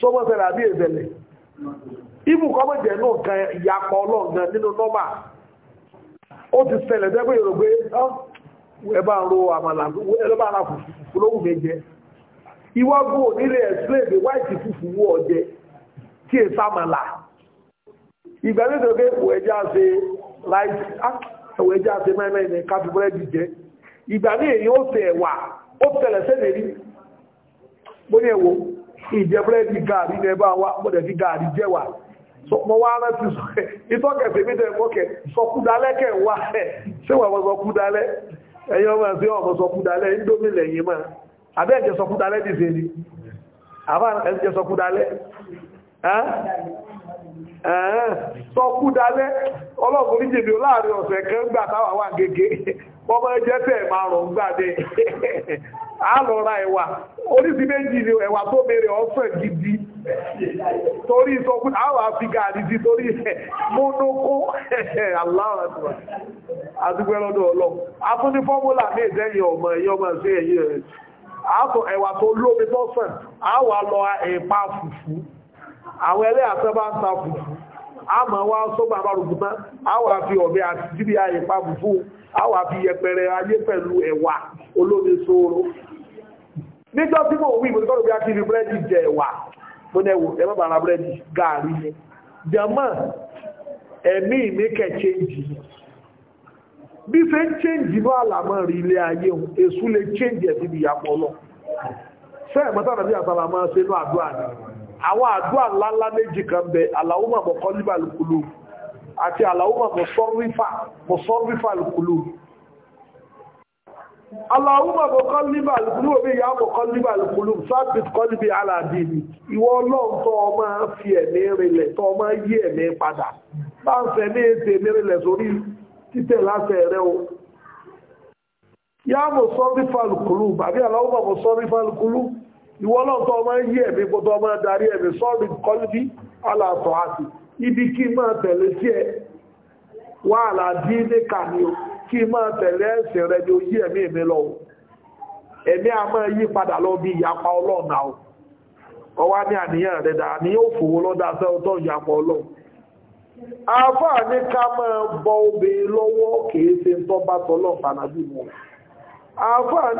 sọ́wọ́ ṣẹlẹ̀ àbí ìbẹ̀lẹ̀ ibù kọ́ mọ̀jẹ̀ náà kan ìyapọ̀ ọlọ́ọ̀gán nínú nọ́mbà ó ti ṣẹlẹ̀ tẹ́gbẹ́ ìrògbé ẹ bá ro àmàlà ẹ bá ara fùfú lóhùn onílé ẹ̀sìlẹ̀dì wáìtì fùfú wú ọ̀jẹ̀ tí è sàmàlà ìgbà ah, ìgbà ní èyí ó ìjẹ búrẹ́dì gààrí nẹ́bà wá mọ́dẹ̀ fi gààrí jẹ́wà mọ́ wá rántí [LAUGHS] ìtọ́kẹ̀sẹ̀ mẹ́tẹ̀ mọ́kẹ̀ sọkúdalẹ́kẹ̀ wá [LAUGHS] ẹ̀ síwọ̀ ọmọ sọkúdalẹ́ ẹ̀yọ́ máa sí ọmọ sọkúdalẹ́ indomie lẹ́yìn máa àbẹ́ ẹ̀jẹ̀ sọkúdalẹ́ ti ṣe ni àbá ẹ̀jẹ̀ sọkúdalẹ́ sọkúdalẹ́ ọlọ́gbọ̀n níjèbí láàrin ọ̀sẹ̀ kan gbà táwà wà gègé ọmọ ẹjẹ́ tẹ̀ máa rọ̀ ń gbà dé àlọ́ra [LAUGHS] ẹ̀wà oríṣi méjì ni ẹ̀wà tó bèèrè ọ̀sẹ̀ gidi torí ìsọkún àwọn àfíkà àdìsí torí ẹ̀ múnúkú aláwọ̀dùwà àdúgbẹ́ lọ́dọ̀ ọlọ́ afún ní fọ́múlà ní ìdẹ́yìn ọmọ èyí ọmọ sí èyí rẹ̀ àátọ̀ ẹ̀wà tó lómi tọ́sàn àwà lọ ẹ̀pá fùfú àwọn ẹlẹ́ àtẹ́bá ń ta fùfú àmọ́ wá sọ́gbà àbárùkútá àwà fi ọ̀bẹ àti jíbi àyẹ̀pá fùfú àwà fi yẹpẹrẹ ayé pẹ̀lú ẹ̀wà olómi sóòrò níjọ́ tí mo wí ìbòsíkọ́rò bí a ti rí búrẹ́dì jẹ ẹ̀wà mo ní ẹwò ẹmọ́ bàrà búrẹ́dì gààrí ni jẹmọ́ ẹ̀mí ìmẹ́kẹ̀ chẹ́ǹjì bí fẹ́ chẹ́ǹjì ní àlàmọ́ rí ilé ayé ohun èsú lè chẹ́ǹjì ẹ̀ síbi ìyàpọ̀ lọ sẹ́ẹ̀mọ́tàdà bí àtàlà máa ṣe inú àdúrà ni àwọn àdúrà ńláńlá méjì kan bẹ aláwùmọ̀ mọ̀kọ́líbà lùkùlù àti aláwùmọ̀ mọ̀sọ́rífà lùkùlù Allahumma muqallib al-qulub ya muqallib al-qulub thabbit qalbi ala dinik ìwọ ọlọ́run tó ọmọ fi ẹ̀mí rinlẹ̀ tó ọmọ yí ẹ̀mí padà bá ń fẹ́ ní ètè ẹ̀mí rinlẹ̀ sórí títẹ̀ láti ẹ̀rẹ́ o ya musarrif al-qulub àbí Allahumma musarrif al-qulub ìwọ ọlọ́run tó ọmọ yí ẹ̀mí o kí ma tẹ̀lé ẹ̀sìn rẹ̀ ni ó yí ẹ̀mí lọ ẹ̀mí a máa yí padà lọ bí ìyapa ọlọ́ọ̀nà o ọwá ní àníyàn rẹ̀ dáa ní yóò fòwò lọ́dá sẹ́ọ̀tọ̀ ìyapa ọlọ́ọ̀ àfáà ní ká máa bọ obìnrin lọ́wọ́ kìí ṣe ń tọ́lọ̀ fànàbí mu àfáà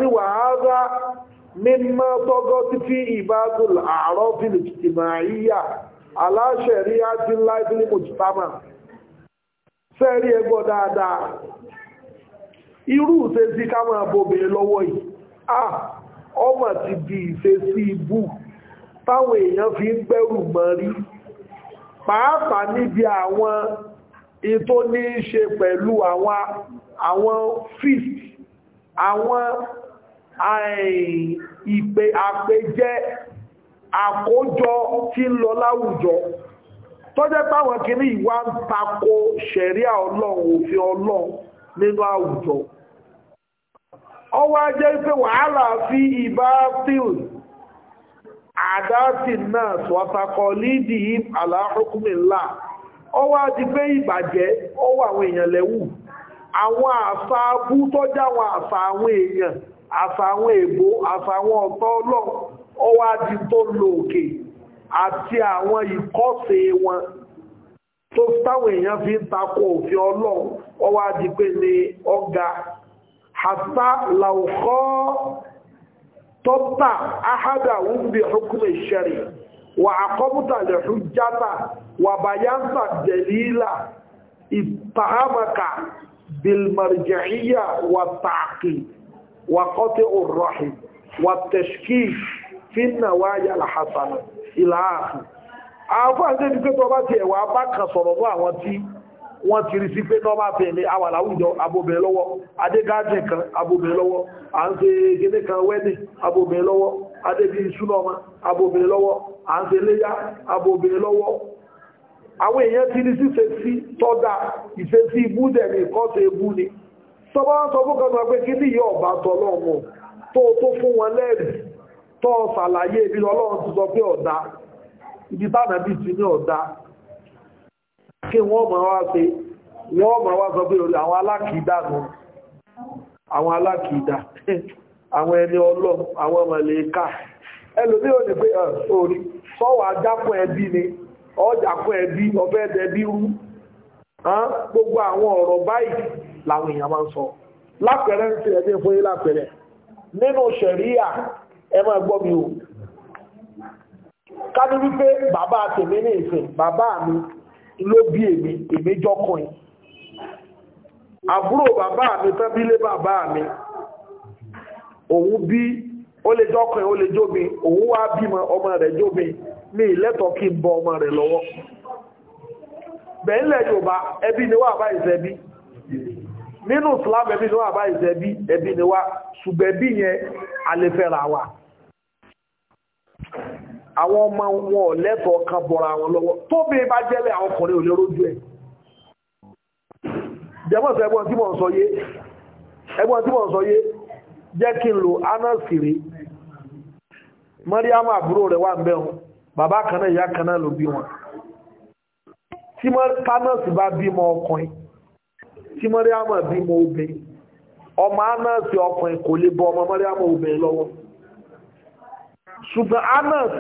ti láìpínlẹ̀ ẹgbọ́ dáadáa irú ìṣesí ká máa bóbìnrin lọ́wọ́ yìí ah ọmọ ti di ìṣesí ibú táwọn èèyàn fi ń gbẹ́rù mọ́rí pàápàá níbi àwọn ètò ní í ṣe pẹ̀lú àwọn àwọn feast àwọn eh, ìpè àpèjẹ àkójọ tí ń lọ láwùjọ tó jẹ́ páwọn kìíní ìwà ń tako ṣẹ̀ríà ọlọ́run òfin ọlọ́run nínú àwùjọ ọwọ́ ajẹ́ pé wàhálà fi ìbá tíl àdáàtì náà sọ́takọ̀ lídì aláhùkúmìlá ọwọ́ ajẹ́ pé ìbàjẹ́ ọwọ́ àwọn èèyàn lẹ́wù àwọn àṣà abú tọ́jà àwọn àṣà àwọn èèyàn àṣà àwọn èbó àṣà àwọn ọ̀tọ́ ọlọ́run ọwọ́ hatta laukọ́ tọ́ta ahada wúbi hukumin shari wa akọ́bùta lè hujjata wa bayansa dalila ìtàhámaka bilmarji'iyya wa ta'qi wa qati'ur rahim wa tashkish fi nawaya alhasana ila akhir àwọn àti ẹni pé tó bá ti ẹ̀wà bá kan sọ̀rọ̀ fún àwọn tí wọ́n ti rí sí pé tọ́ máa fẹ̀lẹ̀ lọwọ láwùjọ kan abobìnrin lọwọ à ń ṣe kan wẹ́dì abobìnrin lọwọ adébí súnọ́mà abobìnrin lọ́wọ́ à ń ṣe léyá abobìnrin lọ́wọ́ àwọn èèyàn ti rí síse sí tọ́dá ìṣe sí ibú ni tọ́bá wọn sọ fún kan pé kí ìyá fún wọn lẹ́rìí ṣàlàyé ti sọ pé kí wọ́n ma wá ṣe wọ́n ma wá sọ pé orí àwọn alákìídà nù àwọn alákìídà àwọn ẹni ọlọ́ àwọn mọ̀lẹ́ká ẹlòmí ò ní pé orí sọ́wọ́ ajápọ̀ ẹbí ni ọjàpọ̀ ẹbí ọbẹ̀ ẹbí rú gbogbo àwọn ọ̀rọ̀ báyìí làwọn èèyàn máa ń sọ lápẹ̀rẹ̀ ń ṣe ẹgbẹ́ fún yín lápẹ̀rẹ̀ nínú ṣẹ̀ríyà ẹ máa gbọ́ mi o ká ní wípé bàbá tèmi ní ìsìn bàbá mi ló bí èmi èmi jọkùnrin àbúrò bàbá mi tán bílé bàbá mi òun bí ó lè jọkùnrin ó lè jóbi òun wá bímọ ọmọ rẹ̀ jóbi mi ìlẹ́tọ̀ọ́ kí n bọ ọmọ rẹ̀ lọ́wọ́ bẹ̀ẹ́lẹ̀ Yorùbá ẹbí ni wà bá ìṣẹ́bí nínú Islam ẹbí ni wà bá ìṣẹ́bí ẹbí ni wà ṣùgbẹ́bí yẹn alẹ́fẹ́ra wa àwọn ọmọ wọn ò lẹ́tọ̀ọ́ kan bọ́ra wọn lọ́wọ́ tó bí bá jẹ́lẹ̀ àwọn ọkùnrin ò lè rójú ẹ̀ jẹ́mọ̀ sọ ẹgbọ́n tí mò ń sọ yé ẹgbọ́n tí mò ń sọ yé jẹ́ kí n lo anásìrí mọ́ríàmù àbúrò rẹ̀ wà ń bẹ̀ wọn bàbá kan náà ìyá kan náà ló bí wọn tí tánọ́ọ̀sì bá bímọ ọkùnrin tí mọ́ríàmù bímọ obìnrin ọmọ anásì ọkùnrin kò lè bọ ọmọ mọ́ríàmù obìnrin lọ́wọ́ ṣùgbọ́n anas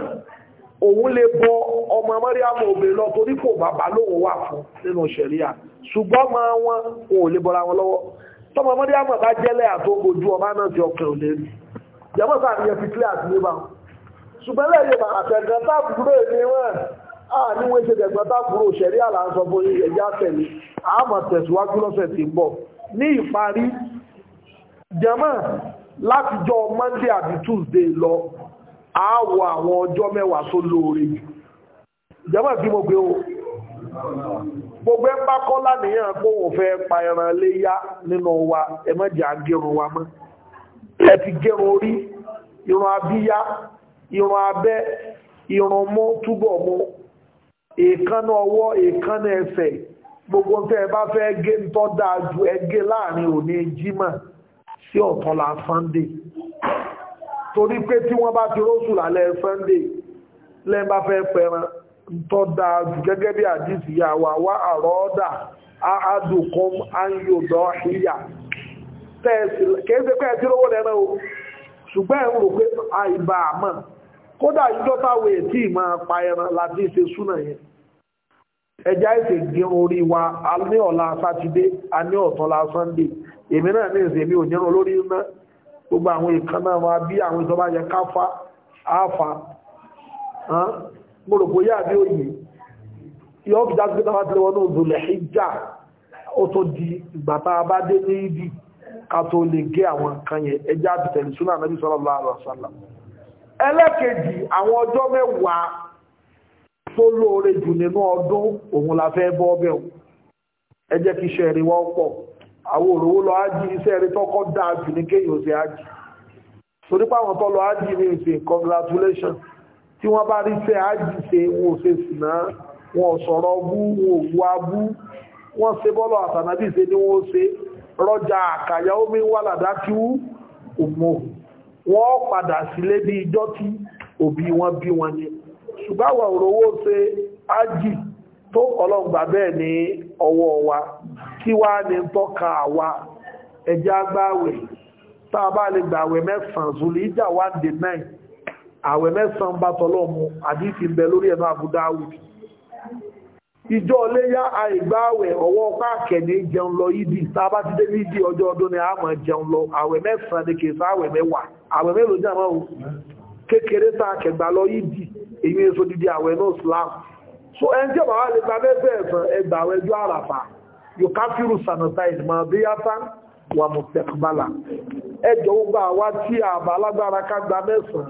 òun lè bọ ọmọ mẹ́ríàmù obìnrin lọ torí kò bàbá lóun wà fún nínú ṣẹ̀ríà ṣùgbọ́n ọmọ wọn òun ò lè bọ́ra wọn lọ́wọ́ tọmọ mẹ́ríàmù bá jẹ́lẹ̀ àtọ́gbójú ọmọ náà ti ọkàn òlé rí jẹ́mọ́ sàníyàn fi clear àti níbà ṣùgbọ́n lẹ́yìn àtẹ̀gàn tábùrò èmi wọn a ní wọ́n ṣe tẹ̀gàn tábùrò ṣẹ̀ríà là ń Tuesday lọ àwọ̀ àwọn ọjọ́ mẹ́wàá tó lóore jù ìjọba bí mo gbé o gbogbo ẹ kọ́ lánìyàn pé òun fẹ́ pa ẹran yá nínú wa ẹ má wa mọ́ ẹ ti gérun orí irun abíyá irun abẹ́ irun mú túbọ̀ mú èkánná ọwọ́ gbogbo tẹ́ ẹ bá fẹ́ gé ń tọ́ dáa ju láàrin òní jímọ̀ sí sunday torí pé tí wọ́n bá ti rósù lálẹ́ sunday lẹ́yìn bá fẹ́ pẹran tó dáa jù gẹ́gẹ́ bí àdìsí yà wà wá àrọ́ọ́dà àádùkún ayọ̀dọ̀ ìyà kẹ́ẹ̀sẹ̀ pé ẹ̀tí lówó lẹ́ran o ṣùgbọ́n ẹ̀rùn rò pé àìbà ẹja ẹsẹ̀ gbin orí wa a ní ọ̀la sátidé a ní ọ̀tọ́la sunday èmi náà ní ìsẹ̀mí òjẹ́rùn lórí náà gbogbo àwọn ìkan náà wá bí àwọn ìtọ́bá yẹ káfá àáfà mọ́rọ̀kọ́ yà bí òyì yọ́ fi dájú pẹ́ta láti lọ́wọ́ náà zòlẹ̀ ìjà ó tó di ìgbàta bá dé ní ìdí ká tó lè gé àwọn nǹkan yẹn ẹjá àbìtẹ̀lẹ̀ súnà Ànábì sallallahu alaihi wasallam ẹlẹ́kejì àwọn ọjọ́ mẹ́wàá tó àwọn òrówó lọ ájì iṣẹ́ rí tọ́kọ́ dáa jù ní kéyìn ṣe ájì torí páwọn tó lọ ájì ní ìsìn congratulation tí wọ́n bá rí iṣẹ́ ájì ṣe wọn ò ṣe sìnà wọn ò sọ̀rọ̀ bú wọn ò wú abú wọ́n ṣe bọ́lọ̀ àtànàbí ṣe ni wọ́n ṣe rọjà àkàyà omi wà làdá kí ọwọ́ wa kí wá ní tọ́ka àwa ẹjá gbáwẹ̀ tá a bá lè gbàwẹ̀ mẹ́sàn-án zùlì ìjà 1-9 àwẹ̀ mẹ́sàn-án bá tọ́lọ́mù àdífì bẹ lórí ẹ̀nà àbúdáwì ìjọ léyá àìgbáwẹ̀ ọwọ́ páàkẹ̀ ní jẹun lọ ìdí tá a bá ti dé ní ìdí ọjọ́ ọdún ni a máa jẹun lọ àwẹ̀ mẹ́sàn-án ni kèsà àwẹ̀ mẹ́wàá so ẹni tí ọba wa lè gba mẹ́fẹ̀ẹ́sán ẹgbàwẹ̀ yukafiru sanitize ma bí yátá wà mustaqbala ẹjọ́ gbà wá tí àbá alágbára ká gba mẹ́sàn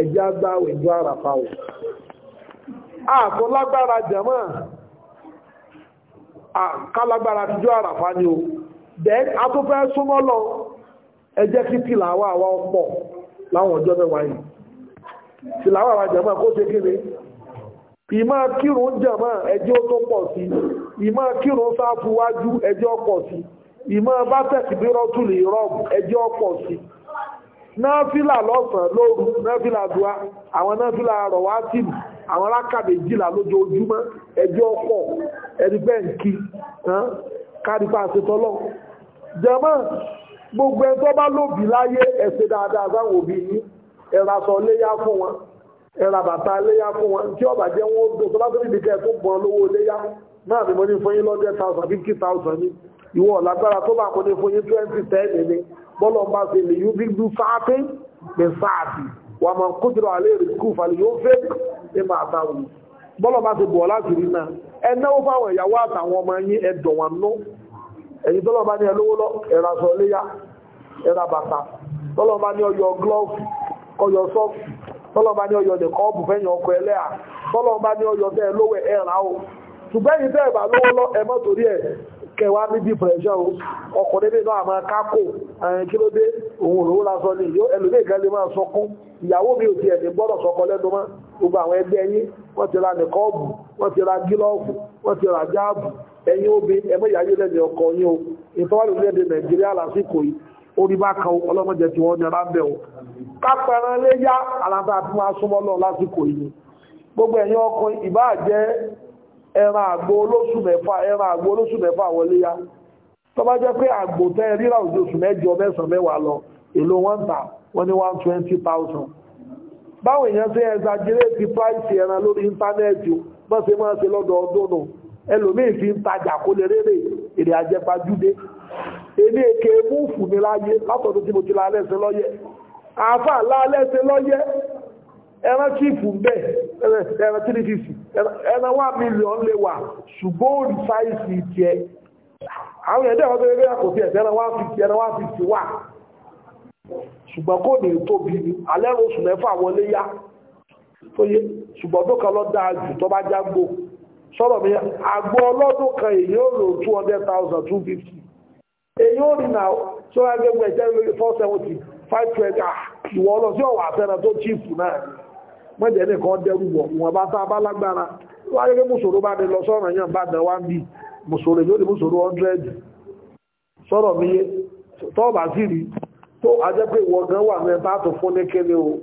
ẹjá gbá ẹjọ́ àràfà ò àkọ́ lágbára jẹ̀mọ́ kálágbára tíjọ́ àràfà ni o then a tó fẹ́ súnmọ́ lọ ẹjẹ́ kí tìlàwà wa ọ̀pọ̀ láwọn ọjọ́ mẹ́wàá yìí tìlàwà ìmá kírun jàmá ẹjọ́ tó pọ̀ sí ìmá kírun sáfù wájú ẹjọ́ pọ̀ sí ìmá bá tẹ̀síbírọ́tùlì rọ́ọ̀bù ẹjọ́ pọ̀ sí náfílà lọ́sàn lóru náfílà dùá àwọn náfílà rọ̀wá tìmù àwọn alákàbè jìlá lójoojúmọ́ ẹjọ́ pọ̀ ẹ̀dùgbẹ́ nkí kárípa àṣetọ́lọ́ jàmá gbogbo ẹ̀ tó bá lóbi láyé ẹ̀ṣẹ̀ dáadáa sáwọn òbí yín ẹ̀rasọ̀ léyá fún wọn ẹ ra bàtà léyà fún wọn tí ọba jẹ́ wọn ó dùn tó bá tó níbi kẹ́ẹ̀ tó pọn lówó léyà náà ni mo ní fún yín lọ́dẹ̀ thousand fifty thousand ní ìwọ lágbára tó bá kó ní fún yín twenty ten ní bọ́lọ̀ bá ṣe lè yún bíbú sáàtì ní sáàtì wà á máa kó jùlọ alẹ́ rẹ̀ kú falẹ̀ yóò fẹ́ ní máa ta wù bọ́lọ̀ bá ṣe bọ̀ láti rí náà ẹ náwó fáwọn ìyàwó àtàwọn ọmọ yín ẹ dọ̀ wọn nú ẹ̀yin tọ́lọ́ bá ní ẹ lọ ẹ̀rọ aṣọ léyà ẹ̀rọ bàtà tọ́lọ́ bá ní ọyọ glove kọyọ sọ́ọ̀kì tọ́lọ́ba ní ọyọ̀ nìkan ọ̀bù fẹ́yìn ọkọ̀ ẹlẹ́à tọ́lọ́ba ní ọyọ̀ tẹ́ lówẹ̀ ẹ̀rà o ṣùgbọ́n yìí tẹ́ ẹ̀bà lówó lọ ẹ̀mọ́ torí ẹ̀ kẹwàá níbi pẹ̀lẹ́ṣọ́ o ọkùnrin nínú àmọ́ kákò ẹ̀yìn kí ló dé òun òrówó lásọ ní yóò ẹlòmí ìkan lè máa sọkún ìyàwó mi ò tiẹ̀ ní gbọ́dọ̀ sọkọ lẹ́nu mọ́ gbogbo àwọn ẹgbẹ́ yín wọ́n ti ra nìkọ́ọ̀bù wọ́n ti ra gílọ́ọ̀fù wọ́n ti ra jáàbù ẹ̀yin obì ẹ̀mọ́ ìyáyé lẹ́nu ọkọ yín o ìtọ́wálùmí ẹ̀dẹ̀ Nàìjíríà lásìkò yìí orí bá kan ọlọ́mọdé tí wọ́n nira bẹ̀ o kápẹ̀rán lé yá aláta tí wọ́n súnmọ́ lọ lásìkò yìí gbogbo ẹ̀yin ọkùnrin ìbá jẹ́ ẹran àgbo olóṣù mẹ́fà ẹran àgbo olóṣù mẹ́fà wọlé yá tó bá jẹ́ pé àgbò tẹ́ ríra òjòṣù mẹ́jọ mẹ́sàn-án mẹ́wàá lọ èlò wọ́n tà wọ́n ní one twenty thousand báwọn èèyàn ṣe exaggerate ti price ẹran lórí íńtánẹ́ẹ̀tì bọ́n ṣe máa ṣe lọ́dọọdún nù ẹlòmíì fi ń tajà kó lè rérè èrè àjẹpajúdé èmi èké mú fún mi láyé látọ̀dọ̀ tí mo ti la lẹ́sẹ̀ lọ́yẹ́ àáfà la lẹ́sẹ̀ lọ́yẹ́ ẹran chífù bẹ́ẹ̀ ẹran three fifty ẹran one million lè wà ṣùgbọ́n òrì sáìsì tiẹ̀ àwọn ẹ̀dẹ́ ọ̀dọ́ ẹgbẹ́ kò sí ẹ̀sẹ̀ ẹran one fifty ẹran one fifty wà ṣùgbọ́n kò ní tóbi alẹ́ oṣù mẹ́fà wọlé yá tó yé ṣùgbọ́n tó kan lọ dáa jù tó bá jágbó mi àgbo ọlọ́dún kan èyí lò two hundred thousand two fifty èyí o ni na tí ó rájẹ́ gbẹ̀ jẹ́ lórí four seventy five ah, sí ọ̀wà àtẹnà tó chíìpù náà mọ̀jẹ̀ nìkan dẹrù wọ̀ wọn bá tá a bá lágbára wáyé pé mùsòrò lọ sọ́nà yàn bá dán wá ń mùsòrò yóò di mùsòrò hundred sọ̀rọ̀ mi yé tó bá sì rí tó ajẹ́ pé gan wà o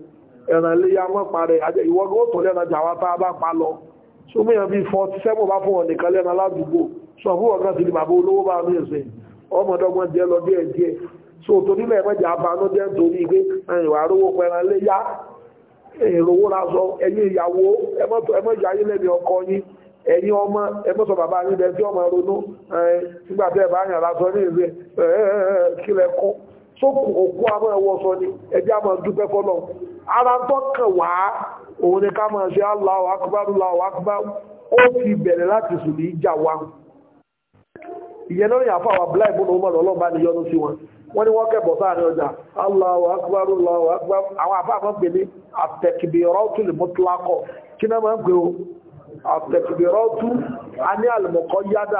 ẹ̀ràn ya mọ́ parẹ́ ajẹ́ gan ó wa tá a bá lọ yẹn bá fún aládùúgbò fún ọ̀gá sí ni bàbá olówó ọmọdọ́gbọ́n jẹ́ lọ díẹ̀ díẹ̀ so torí náà ẹ̀mọ́jà abanú jẹ́ nítorí pé ìwà rówó pẹran lé yá èròwó lásọ ẹ̀yin ìyàwó ẹ̀mọ́jà ayé lẹ́bi ọkọ yín ẹ̀yin ọmọ ẹ̀mọ́sọ bàbá yín bẹ tí ọmọ ronú nígbà tẹ́ ni ẹjẹ́ àmọ́ dúpẹ́ fọ́lọ́ ara tó kàn wá òun ni ká máa ṣe Allahu akbar Allahu akbar ó ti bẹ̀rẹ̀ láti sùn ní ìjà wa ìyẹn lórí àfọ àwọn abúlé ìbúnú ọmọ ọlọ́ọ̀bá ni yọnu sí wọn wọ́n ní wọ́n kẹ́bọ̀ sáàrin ọjà Allahu akbar Allahu akbar àwọn àfáàmọ́ pè ní àtẹ̀kìbìrọ́tù lè mọ́tílákọ̀ kí náà máa ń pè ó àtẹ̀kìbìrọ́tù aní àlùmọ̀kọ́ yádà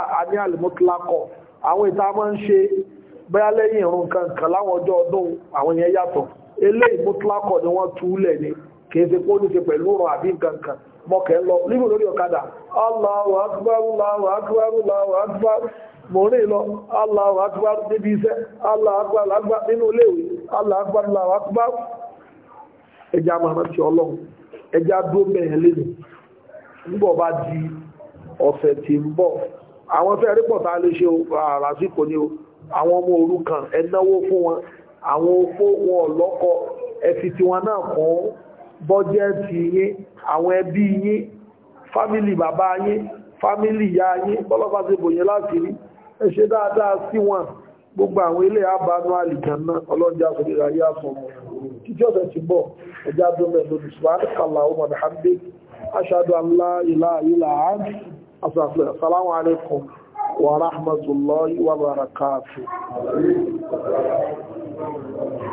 àwọn ìta máa ń ṣe lẹ́yìn kankan láwọn ọjọ́ ọdún àwọn yẹn yàtọ̀ eléyìí ni wọ́n túlẹ̀ ni kì í ṣe pé ó ní ṣe pẹ̀lú ọ̀rọ̀ àbí lọ lórí ọ̀kadà mò ń rìn lọ Allahu Akbar níbi iṣẹ́ Allahu Akbar lágbà nínú iléèwé Allahu Akbar Allahu Akbar ẹja màmá ti ọlọ́run ẹja dúró mẹ́rin lẹ́nu níbọ̀ bá di ọ̀sẹ̀ tí ń bọ̀ àwọn fẹ́ rí pọ̀tà lè ṣe àràsìkò ni o àwọn ọmọ òrukàn ẹnáwó fún wọn àwọn opó wọn lọ́kọ ẹfi tiwọn náà kún bọ́jẹ́ẹ̀tì yín àwọn ẹbí yín fámìlì bàbá yín fámìlì ìyá yín bọ́lọ́pàá ti bòyìn láti rí ẹ ṣe dáadáa sí wọn gbogbo àwọn ilé àbánú àlìjànná ọlọ́jà sọ̀rọ̀ ayé àsọ̀mọ̀ títí ọ̀sẹ̀ ti bọ̀ ẹjá dómẹ̀ lórí sùpáàkàlà ọmọ dàbí aṣáájú alá